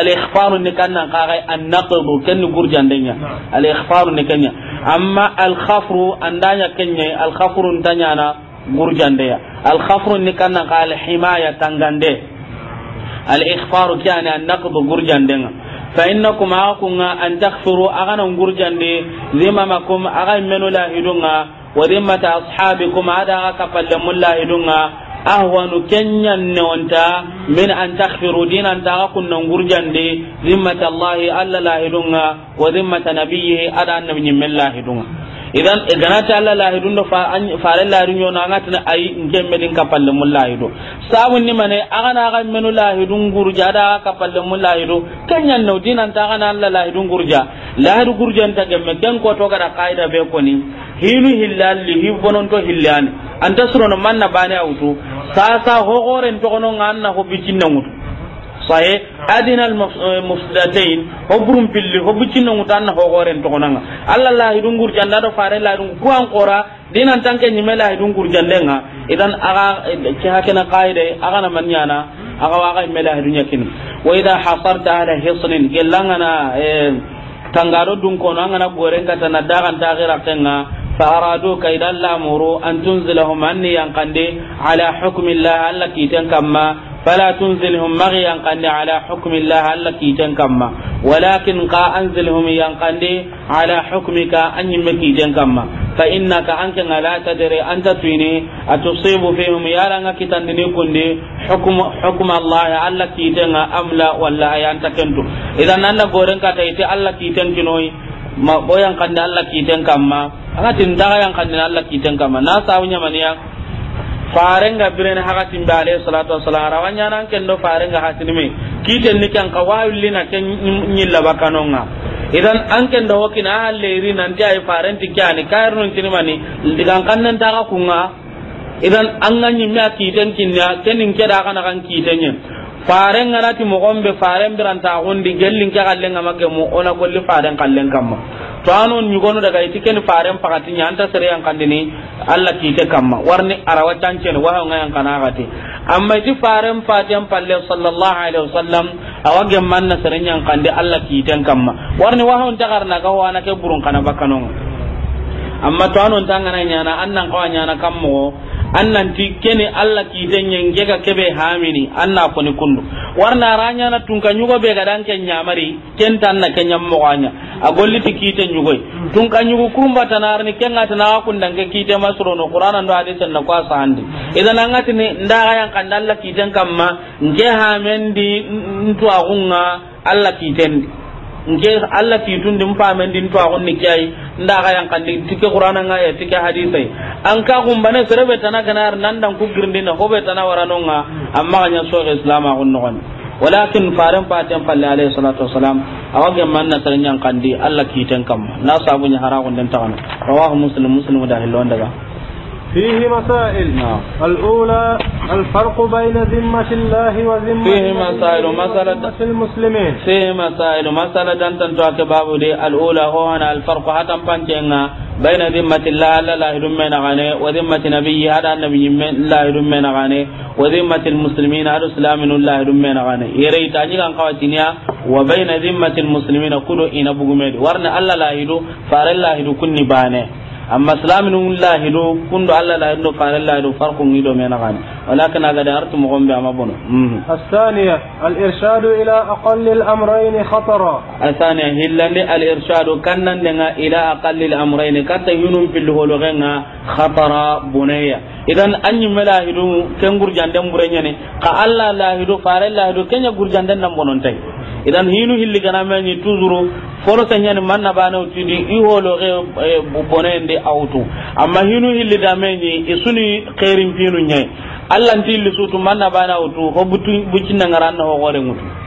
al ikhfaru ni kanna qaga an naqdu ken nguru jandenya al ikhfaru ni kenya amma al khafru andanya kenya al khafru ndanya na nguru jandeya al khafru ni kanna qala himaya tangande al ikhfaru kyani an naqdu nguru ngurjandenga fa innakum akunga an takfuru agana ngurjande zimamakum aga menu lahidunga wa zimmata ashabikum ada kapalle mullahidunga ahwanu kenyan newanta min an takfiru dinan ta ga kunnan gurjande zimmata allahi alla lahidunga wa mata nabiyhi ada annabiyyin min lahidunga idan ta Allah lahidun da fare larin yo na ayi ay ngemme din kapalle mun lahidu samun ni mane aga na aga menu lahidun gurja da kapalle mun lahidu kanyan no dinan ta aga na Allah lahidun gurja lahidu gurja ta gemme ken ko to gara kaida be ko ni hinu hillal li hibbonon to hillani anta surono manna bane autu sa ho goren to gonon anna ho na mutu saye adina almufdatain eh, ho burum pilli ho buccinno ngutan na hogoren togonanga alla lahidun gurjanda do fare lahidun ku an qora dinan tanke nyime lahidun gurjandenga idan aga eh, ke hakena qaide aga na manyana aga waga imme lahidun yakin wa idha hasarta ala hisnin gellangana eh, tangaro dun kono angana goren katana dagan tagira kenga فأرادوك إذا لا فلا تنزلهم مغيا قند على حكم الله ألا كيتن كما ولكن قا أنزلهم ينقند على حكمك أن يمكيتن كما فإنك أنك لا تدري أنت تويني أتصيب فيهم يا لنا كتن كندي حكم حكم الله ألا كيتن أم لا ولا أنت كنتو إذا أنا قرن كتايتي ألا كيتن كنوي ma boyan kande Allah kiten kamma anga tindaga yang kande Allah kiten kamma na sawunya maniya farenga birene hakatin be alayhi salatu wassalam rawanya nan ken do farenga hatini mi kiten ni kan kawayulli na ken nyilla bakanonga idan an ken da wakin a halleri nan ti ay farenti kyani kayrun tin mani digan nan ta kunga idan an ganyi me kiten kinna kenin keda kana kan kitenye faren ngana ti mo gombe faren biranta gondi gellin ke kallen ngama ke mo ona golli faren kallen kamma to anon ni gono daga itiken faren pakati nyanta sere yang kandini alla te kamma warni arawa tancen wa nga yang kana gati amma ti faren fatiyan palle sallallahu alaihi wasallam awage manna sere yang kande alla te kamma warni wa hon na ga wana ke burun kana bakanonga amma to anon tangana nyana annan kawanya na kammo annan ti kene allah den yen gega kebe hamini anna ni kundu warna na tunka ga danke nyamari ken na kentanna ke ñammogoaña a golliti kiite nyugo tunka ñugu kurumbatanarni kengatanaxa kundanke kiite masurono qur'anando na ko a sahandi idan angatini ndaxayankandi allah den kamma nke hamendi ntuwaxunga allah den nke alla kitundi famen din to agon ni kiyai nda ga yang kan tike qur'ana nga ya tike hadisai an ka gumbane serebe tana ganar nan dan ku girndi na hobe tana waranonga amma ganya so islam agon kan walakin faran patan falle alayhi salatu wassalam awage manna taranyang kandi alla kiten kam na sabunya haragon den tawana rawahu muslim muslim da hilon daga فيه مسائل الأولى الفرق بين ذمة الله وذمة فيه مسائل مسألة المسلمين فيه مسائل مسألة أنت تواك بابو الأولى هو أنا الفرق حتى بانتنا بين ذمة الله لا إله إلا وذمة نبي هذا النبي لا يدمنا غني وذمة المسلمين هذا سلام لا إلا غني يري تاني كان وبين ذمة المسلمين كل إن أبو جميل ورنا الله لا إله فار الله كل بانه amma salamin wallahi do kundo alla la do fare la do farqu ngi do mena gani walakin aga da artu mo amma bono mhm. asaniya al irshadu ila aqall al amrayn khatara asaniya hillani al irshadu kannan nga ila aqall al amrayn katta yunum fil holo genga khatara bunaya idan anyi malahidu ken gurjan dan burenya ne ka alla la do fare la do kenya gurjan nan bonon idan hinu hilli gana meni tuzuru foro sanyani manna bana utidi holo ge bonende auto amma hinu hilli da meni isuni khairin pinu nyai allah ntilli sutu manna bana utu ho butu bucinna ngaranna ho gore ngutu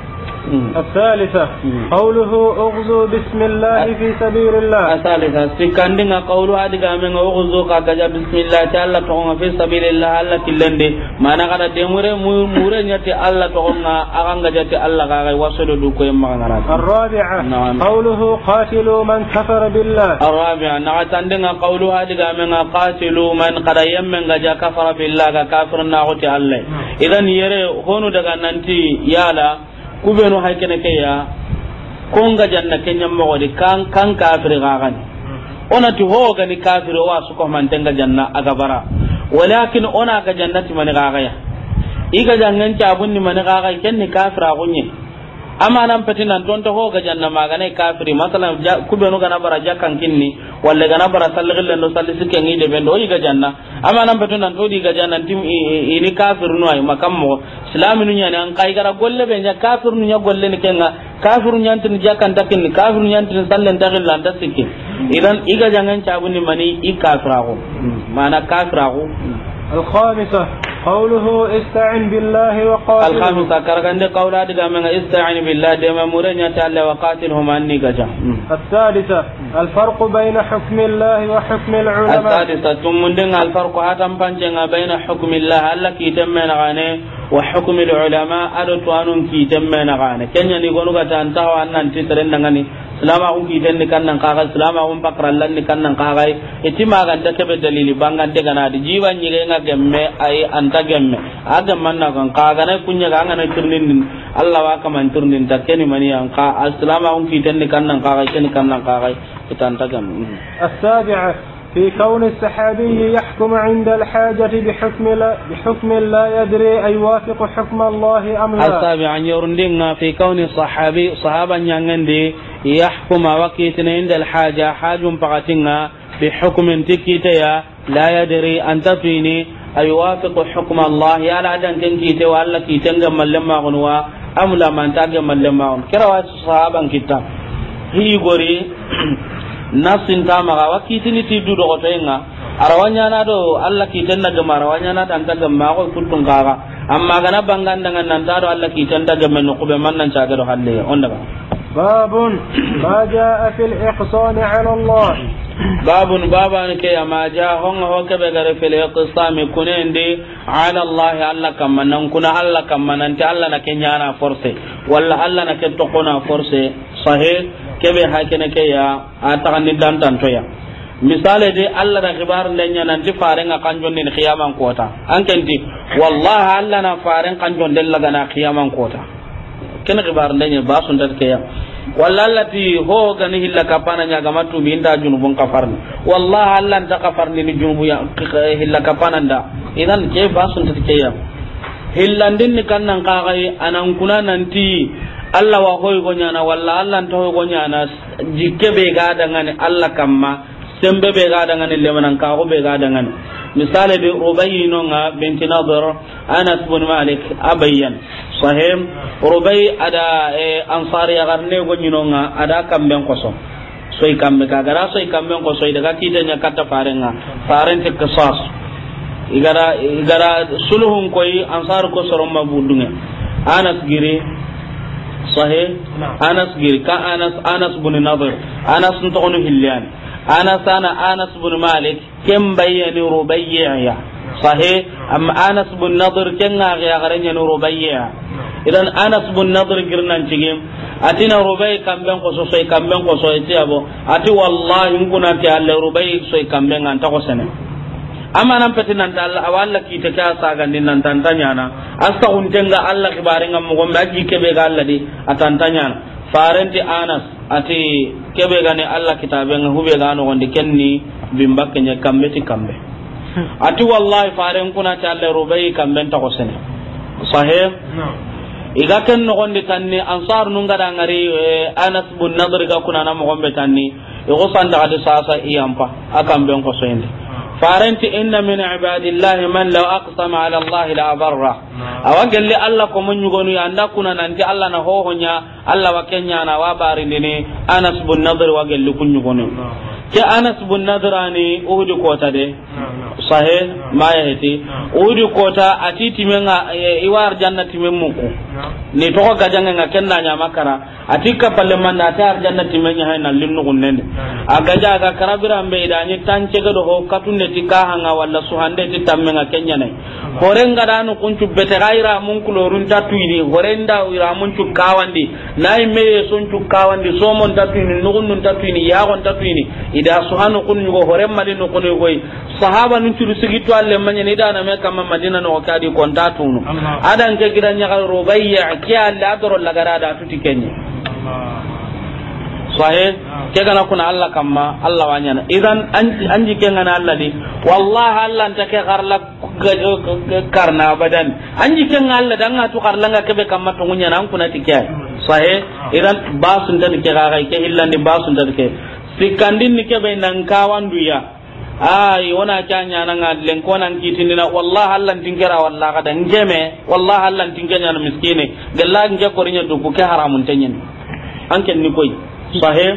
الثالثة قوله اغزو بسم الله في سبيل الله الثالثة سكاندنا قول هذا من اغزو كاكجا بسم الله تعالى تقوم في سبيل الله الله كلندي ما نقرا دمره مورا نتي الله تقوم اغانغا جتي الله غاغي وصل دوكو يما الرابعة قوله قاتلوا من كفر بالله الرابعة نعتندنا قول هذا من قاتلوا من قد يمن جا كفر بالله كافرنا غتي الله اذا يري هونو دغا ننتي يالا kubenu haykene ke ya konga janna kenya di kan kan kafir gagani mm-hmm. ga ni kafir wa su ko man mantenga janna aga bara walakin ona ga jannati mani gagaya iga jangan ta bunni mani ken ni kafira gunye amma nan pati nan don ta ga janna magane kafiri masalan kubenu na bara jakan kinni walla ga na bara sallallahu alaihi wasallam sikke ni de bendo iga janna amma nan pati nan to ga janna tim ini kafir no ay makam mo islami nu nyani an kai gara golle be nya kafir nu nya golle ni kenga kafir nu nyanti ni jakan takin ni kafir nu nyanti ni sallen takin lan tasiki idan iga jangan cabu ni mani i kafirago mana kafirago الخامسة قوله استعن بالله وقاتله الخامسة كرغند قولا دغا من استعن بالله دما مورنيا تعالى وقاتلهم اني غجا السادسة الفرق بين حكم الله وحكم العلماء السادسة ثم الفرق هاتم بين حكم الله الله كي تمنا غني wa hukmi ulama ado to anun ki temme na gane kenya ni gonu gata anta wa nan ti tren daga ni salama un ki den ni nan kaga salama un bakran lan ni kan nan kaga itima ga da tabe dalili bangan de gana di jiwa ni ga nga gemme ai anta gemme aga na kan kaga na kunya ga ngana turnin din Allah wa ka man turnin ta keni mani an ka salama un ki den ni nan kaga keni nan kaga anta gemme as-sabi'a في كون السحابي يحكم عند الحاجة بحكم لا, بحكم لا يدري أي يوافق حكم الله أم لا التابع يرندنا في كون الصحابي صحابا ينندي يحكم وكيتنا عند الحاجة حاج فقتنا بحكم تكيتيا لا يدري أن تفيني أي يوافق حكم الله يا لا دان كنكيتي وألا كيتن جمال لما غنوا أم لا من تاجم لما غنوا كرا صحابا كتا هي غوري nafsin ta maga wa kitini ti du do to inga arawanya na do Allah kiten na gama arawanya na tan daga ma ko kutun kaga amma gana bangan dangan nan ta do Allah kiten daga men ko be man nan ta ga do halle on daga babun ma jaa fil ihsan ala Allah babun baban ke ya ma jaa hon ho ke be gare fil ihsan kunende ala Allah Allah kamanan kuna Allah nan ta Allah na kenya na force walla Allah na ke to kona force sahih kebe hakene ke ya a tagandi dantanto toya misale de allah da kibar lenya nanti farenga kanjon ni kiyaman kota an kenti wallahi allah na faren kanjon den laga na kiyaman kota ken kibar lenya ba sun dat ke ya wallallati ho gani hilla kapana nya gama tu minda junubun kafarni wallahi allah ta kafarni ni junubu ya hilla kapana nda idan ke ba sun dat ke ya hillandin ni kannan kagai anan kuna nanti allah wa hoy gonyana walla allah nta hoy gonyana jikke be ga dangane allah kamma sembe be ga dangane lemanan ka go be ga dangane misale be rubayino nga binti nadar anas bin malik abayyan sahim rubay ada e, ansari agarne nga ada kamben koso soy kambe ka gara soy kambe ko soy daga nya katta farenga farente kisas igara igara suluhun koy ansar ko soron mabudunge anas giri sahih anas gir ka anas anas bin nadir anas to onu hilyan anas ana anas bin malik kem bayani rubayya sahih amma anas bin nadir ken ga ya garanya rubayya idan anas bin nadir girnan cigim atina rubai kamben ko so kamben ko so ati wallahi nguna ti alle rubai so kamben an ta sene amma nan pati nan dalla awalla ki ta ta saga nin nan tantanya na asta untenga alla kibare ngam mo gombe ki kebe ga alla di atantanya na farenti anas ati kebe ga ne alla kitabe nga hube ga no gonde kenni bimbakke nya kambe ti kambe hmm. ati wallahi faren kuna ta alla rubai kambe ta ko sene sahih iga ken no gonde tanni ansar nun ga ngari e, anas bun nadr ga kuna na mo gombe tanni igo sanda ga de sasa iyampa akambe ko soyende faranti inna min ibadillahi man law aqsama ala allahi la barra awa gelli allah ko mun yugonu anda kuna nanti allah na hohonya alla wa kenya na wa anas bin nadr wa gelli kun yugonu ke anas bin nadrani uhudi ko de sahe maya heti hmm. udi kota ati timenga e, iwar janna timen muku hmm. ni to ga janga nga kenna nya makara ati ka palle man na tar janna timenya hay na limnu a ga ja ga karabira mbe idani tanche ga do ho katunne tika hanga walla suhande ti tammenga kenya ne hmm. horenga danu kunchu gaira mun kulorun da horenda ira mun chu kawandi nay me sun chu kawandi somon tatuini nugun nun gon tatu tatuini ida suhanu kun yugo horemma din kun go sahaba nun turu sigi to alle manya ni dana me kama madina no kadi konta tunu adan ke gidan ya garo bayya ke alla doro lagara da tuti Kenya. sahe ah. ke gana kuna alla kama alla na idan anji ke gana alla di wallahi alla ta ke garla karna badan anji ke gana alla dan atu garla nga kebe kama tungunya ngunya na kuna tikya sahe ah. idan basun tan ke gaga ke illan di basun tan ke sikandin ni kebe nan kawan duya ay wona kanya nan adlen ko nan kitindina wallahi allan tingera wallahi kada ngeme wallahi allan tingenya na miskine galla nge korinya dubu ke haramun tanyen anken ni koy sahe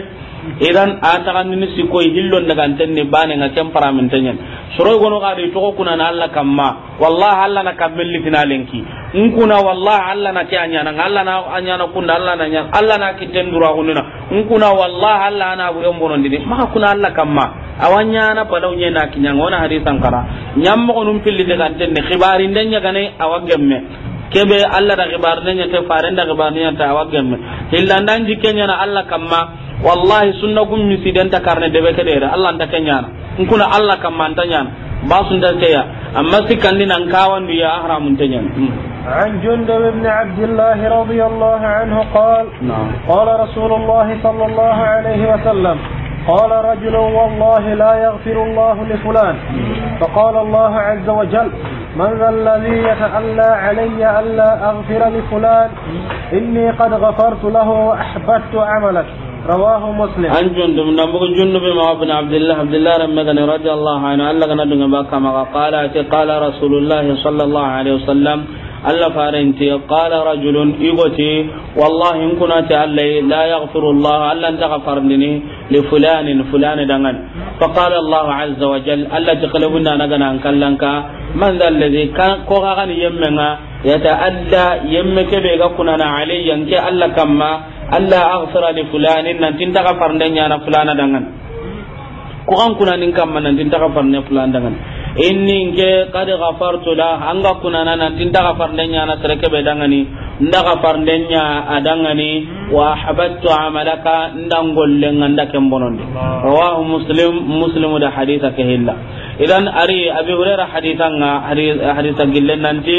idan kan ni si koy hillon daga antenne bane nga kem paramin tanyen soro gono de to ko kuna na alla kamma wallahi allah na kamelli in kuna wallahi allah na kanya nan allah na anya na kunna allah na nya allah na kitendura in kuna wallahi allah na bu yombono ndini ma kuna alla kamma awanya na palaw nya na kinyang ona hadis kara nyam mo num pilli de kan den khibari den nya gane awagemme kebe alla da khibar den nya te faren da khibar nya ta awagemme hillandan kenya na alla kamma wallahi sunna gum misi den ta karne de be kede da alla nda kenya nkuna alla kamma nya ba sun da teya amma sikandi nan kawan ya haramun tanya عن جندب بن عبد الله رضي الله عنه قال نعم. قال رسول الله صلى الله عليه وسلم قال رجل والله لا يغفر الله لفلان فقال الله عز وجل من ذا الذي يتألى علي ألا أغفر لفلان إني قد غفرت له وأحببت عملك رواه مسلم عن جندب نبغ جندب مع ابن عبد الله عبد الله رمضان رضي الله عنه ألا قال قال رسول الله صلى الله عليه وسلم allah farenti kala rajulun igoti wallahi in ta allah la yaghfiru allah allah ntaka farndini li fulanin fulani dangan fa qala allah azza wa jal allah man dha alladhi ko kagani yemmenga yata'adda yemme ga ke allah kamma allah aghfira li fulanin nan tin na fulana dangan ko kamma nan tin dangan inni nke qad ghafartu la anga kunana nan tinda ghafarden nya na sereke be dangani nda ghafarden nya adangani wa habattu amalaka ndangolle nganda kembononde rawahu muslim muslimu da haditha hilla idan ari abi huraira hadithanga haditha gillen nanti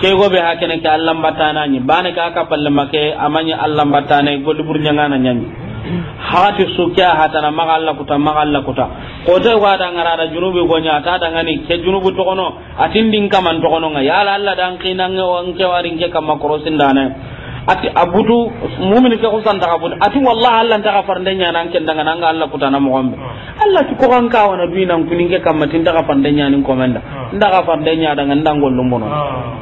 ke be hakene ke allah batana ni bane ka ka pallama ke amanya allah batana golli burnya ngana nyanyi hati sukya hatana maga magalla kuta maga kuta ko te ko ada ngara da junubi ko nya ta da ngani ke junubu to kono atin din man to kono ya la Allah dan kinange on ke warin ke kam makrosin dana ati abutu mu'min ke ko santa ta ati wallahi Allah ta gafar den nya nan ken daga nan Allah kuta na mo Allah ti ko kan ka wana duina kunin ke kam tin daga far den nya nin komanda daga ah. far den nya daga ndangol gollum ah.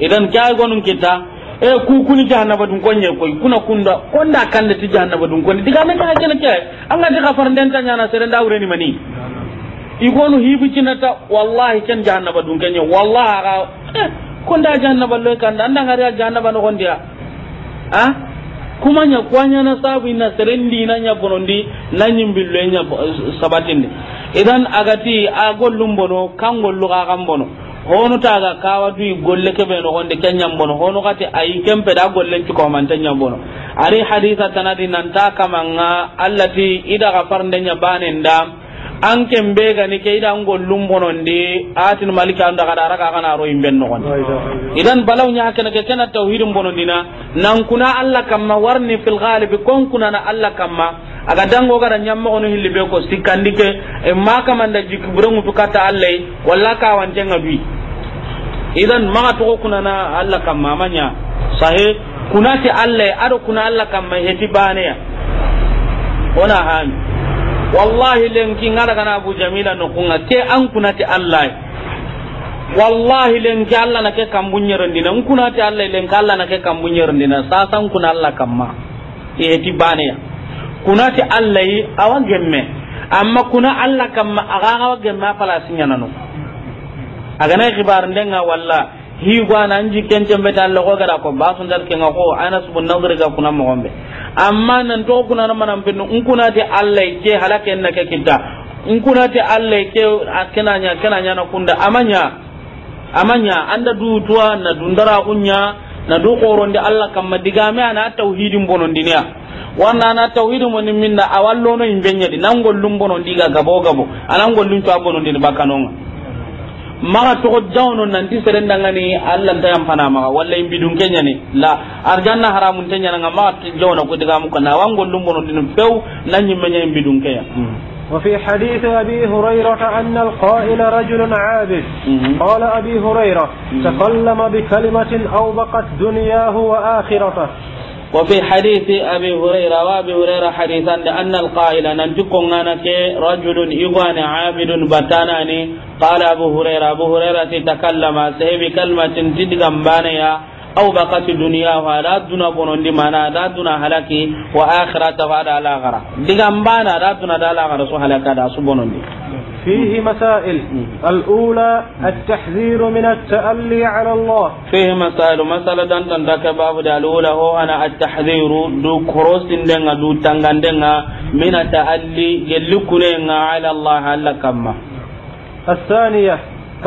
idan kya gonun kita e ku kuni jahannaba dun konye koy kuna kunda konda kande ti jahannaba dun konde diga men ta kene ke an ga diga den ta yana sere nda wure ni mani igonu hibi cinata wallahi ken jahannaba dun kenye wallahi ga eh, konda jahannaba loy kanda anda ngari jahannaba no kondia ha kuma nya kwanya na sabu ina ndi na nya bonondi na nyimbillo nya eh, sabatinde idan agati lumbono mbono lu ga kambono hono taga kawatuyi golle keɓe ɗogonde ke ñambono hono kati ayi kempeɗa gollen cukomante ñambono ari hadisa tanadi nanta kamanga allati idaga farndeña banen dam an ken be gani ke idan gollum de atin malika anda kada raka kana ro imben no idan balaw nya kana ke kana tauhidin dina nan kuna alla kamma warni fil ghalib kon kuna na alla kamma aga dango gara nyamma hilli be ko sikandike e maka manda to kata allai walla ka wanjenga bi idan maga togo na allah kamma amanya sahe ti allah ado kuna allah kamma heti ya wona hami wallahi lenki ngara kana abu jamila no kunga ke an kunati allah wallahi lenki allah na ke kambunyer ndina an kunati allah lenki allah na ke kambunyer sa sa an kuna allah kamma e ti bane ya kunati allah yi awan gemme amma kuna allah kamma aga aga gemma pala sinya nanu aga na gibar ndenga wallahi hi na anji kencen be tan logo gara ko basun dar ke ngako anas bun nadir ga kunan mo gombe amma nan to kuna na manan bin in kuna ti allah ke halake na ke kitta in kuna ti allah ke akenanya kenanya na kunda amanya amanya anda du tuwa na dundara kunya na du qoronde allah kamma digame ana tauhidin bonondiniya wanda na tawhidu mun minna awallo no imbenya di nan gollum bonon diga gabo gabo anan gollum bonon abonon di bakanonga maga togo dawno nanti serendangani allanta yampanamaga walla imbidun keñani la arjanna haramun teñananga maga jawna kutigamu kana awa gollum bonondini few na ñimmeña imbidun keya وفي حديث أبي هريرة أن القائل رجل عابد قال أبي هريرة تكلم بكلمة أوبقت دنياه وآخرته wa fi hadisi abi hurairah wa abi hurairah hadisan da anna al qa'ila ke rajulun yuwani abidun batana ni qala abu hurairah abu hurairah ta kallama sai bi kalmatin tid gambana ya aw baqati dunya wa raduna bonon di mana raduna halaki wa akhirata wa ala ghara digambana raduna dalaga rasul halaka da su bonon di فيه مسائل الأولى التحذير من التألي على الله فيه مسائل مسألة دان دان باب الأولى هو أنا التحذير دو كروس دنغا دو تنغان دنغا من التألي يلكنا على الله على كما الثانية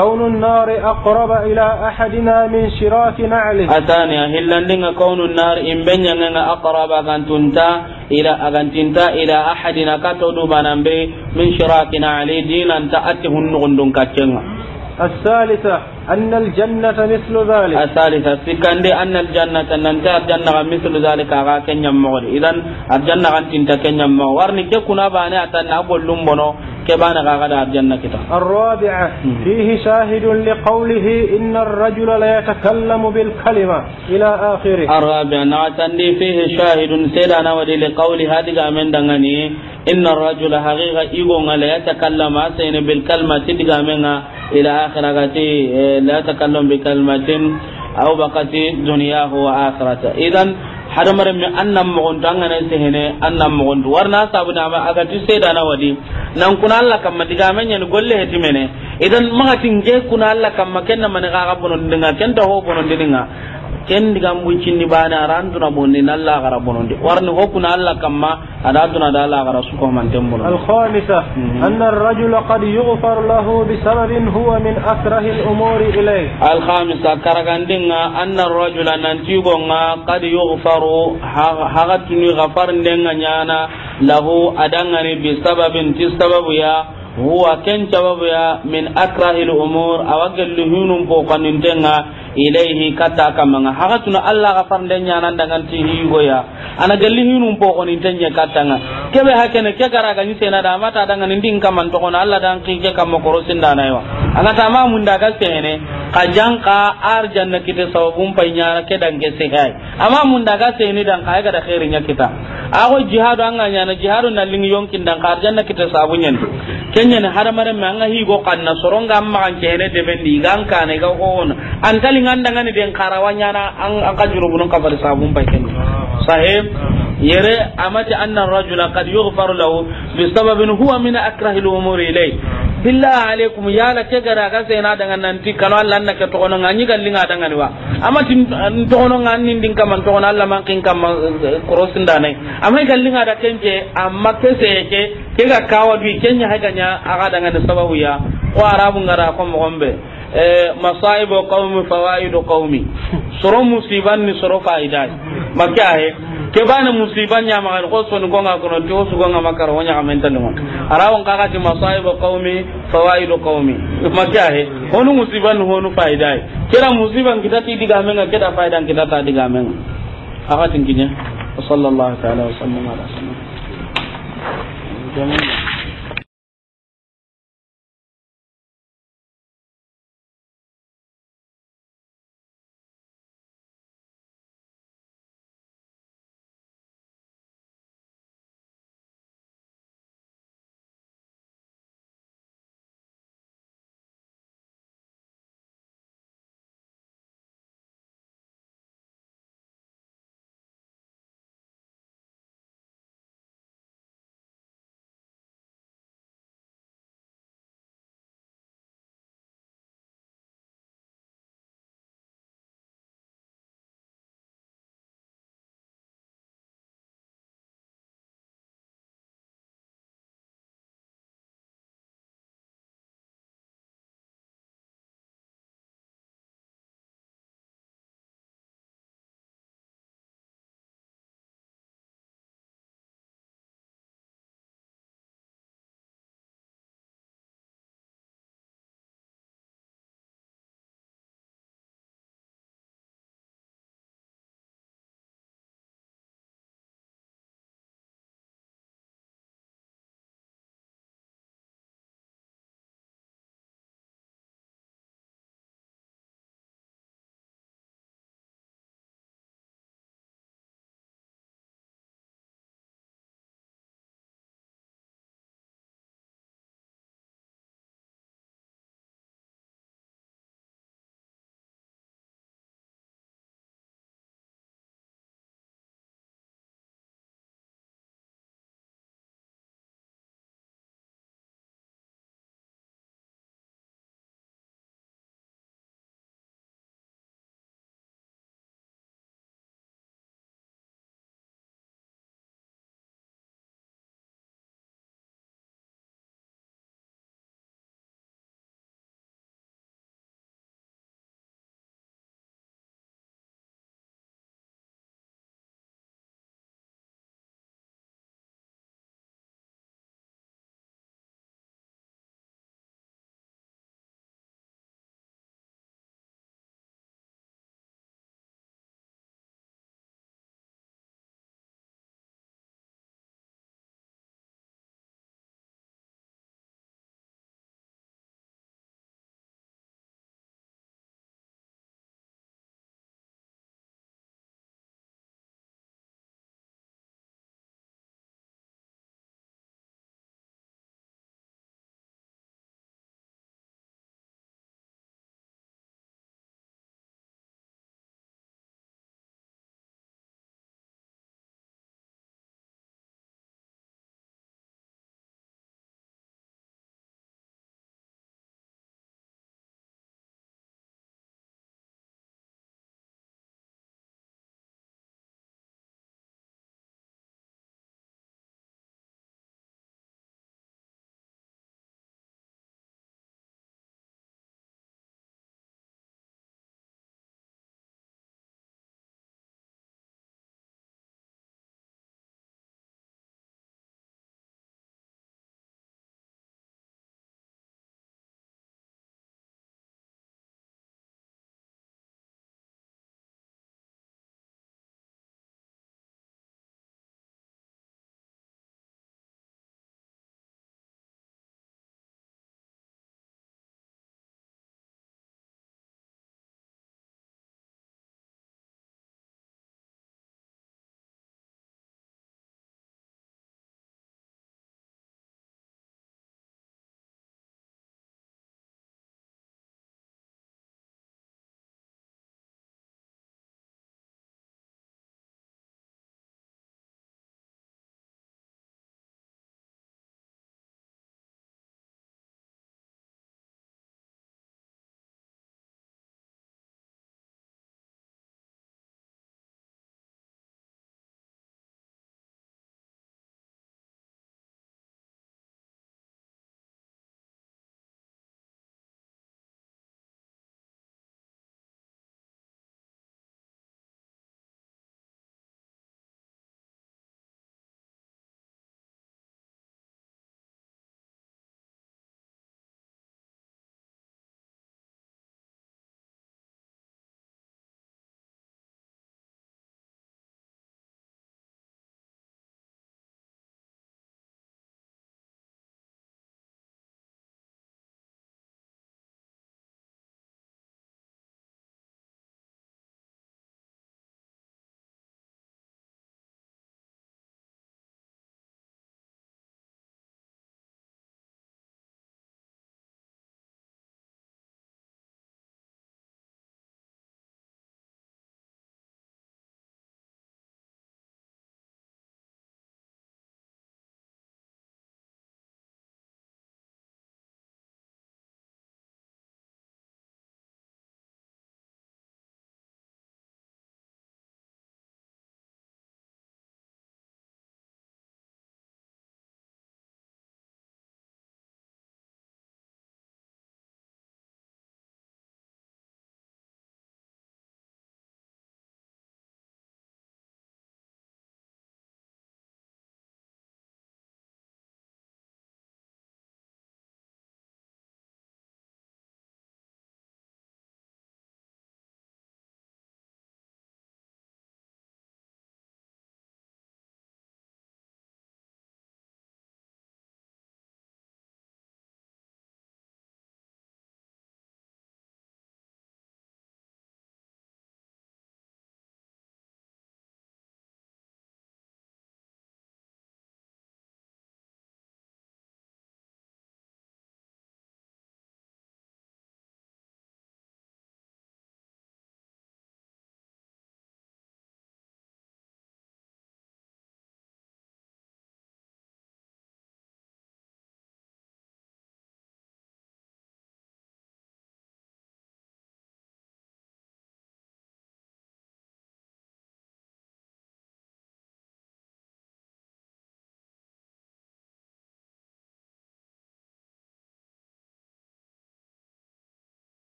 كون النار أقرب إلى أحدنا من شراك نعله أتاني هلا لنا كون النار إن بنينا أقرب أغنتنتا إلى أغنتنتا إلى أحدنا كتدو بنبي من شراك نعله دينا تأتيه النغندن كتنغ الثالثة أن الجنة مثل ذلك الثالثة سكندي أن الجنة ننتهى الجنة مثل ذلك أغا كن يمغل إذن الجنة أنت انت كن يمغل وارني كنا باني أتنا أقول لنبنو كبانا غاغدا الجنة كتا الرابعة فيه شاهد لقوله إن الرجل لا يتكلم بالكلمة إلى آخره الرابعة نعتني فيه شاهد سيدنا ودي لقول هذه من دغني إن الرجل حقيقة إيغونا لا يتكلم أسين بالكلمة تدغمنا إلى آخره la takallam bi kalmatin aw baqati dunyahu wa akhirata idan hada maram mi annam mugon tanga ne sehene annam mugon warna sabu na ma aga tu seda na wadi nan kuna Allah kam madiga menya ni ka heti mene idan ma tinge kuna Allah kam makenna man ga gabono dinga kenta ho bono dinga ken diga digam buncinni bana aran na bonni nalla gara bonondi warni na alla kamma ada duna da alla gara suko man tembuno al khamisa mhm. anna ar rajul qad yughfar lahu bi sababin huwa min akrahi al umuri ilay al khamisa karagandinga anna ar rajul nanti gonga qad yughfaru hagatuni ghafar ndenga nyana lahu adangani bi sababin ti sababu ya huwa ken sababu ya min akrahil umur awagellu hinum po kanintenga ilayhi kata kamanga haka tuna Allah ka farnde nyanan dangan ti higo ya ana gelli kebe hakene ke da mata dangan ndin kaman to kono Allah dan kam dana yo ana tama mun daga sene kajangka arjanna sababun ke sehai mun daga sene dan ga da kita ago jihadu anga nyana jihadu na lingi yonkin dan na kita sabunyen kenya na haramare mare ma anga higo kanna soronga amma kan kene de bendi gan kana ga ko on an kali nganda ngani den karawanya na an an kajuru bunun kafar sabun bai kenya sahib yere amati anna rajula qad yughfar lahu bisababin huwa min akrahil umuri ilayhi billah alaikum yala ke gara ga sai na daga nan ti kala Allah na ke tokono ono ngani linga daga ni wa amma tin tokono ono ngani din kam to ono Allah man kin kam crossin da nai amma linga da kenje amma ke sai ke ke ga kawa bi kenya haga nya aga daga ni sababu ya ko arabu ngara ko mo gombe masaibu qaumi fawaidu qaumi soro musiban ni soro faida makka he ke bana musiban nya ma ko so ni gonga ko to su gonga makara wanya kamenta ni arawon ka ka ti masaibu qaumi fawaidu qaumi makka he honu musiban honu faida kira musiban kita ti diga menga kita faida kita ta diga menga akatin kinya sallallahu ta'ala wa sallam ala sayyidina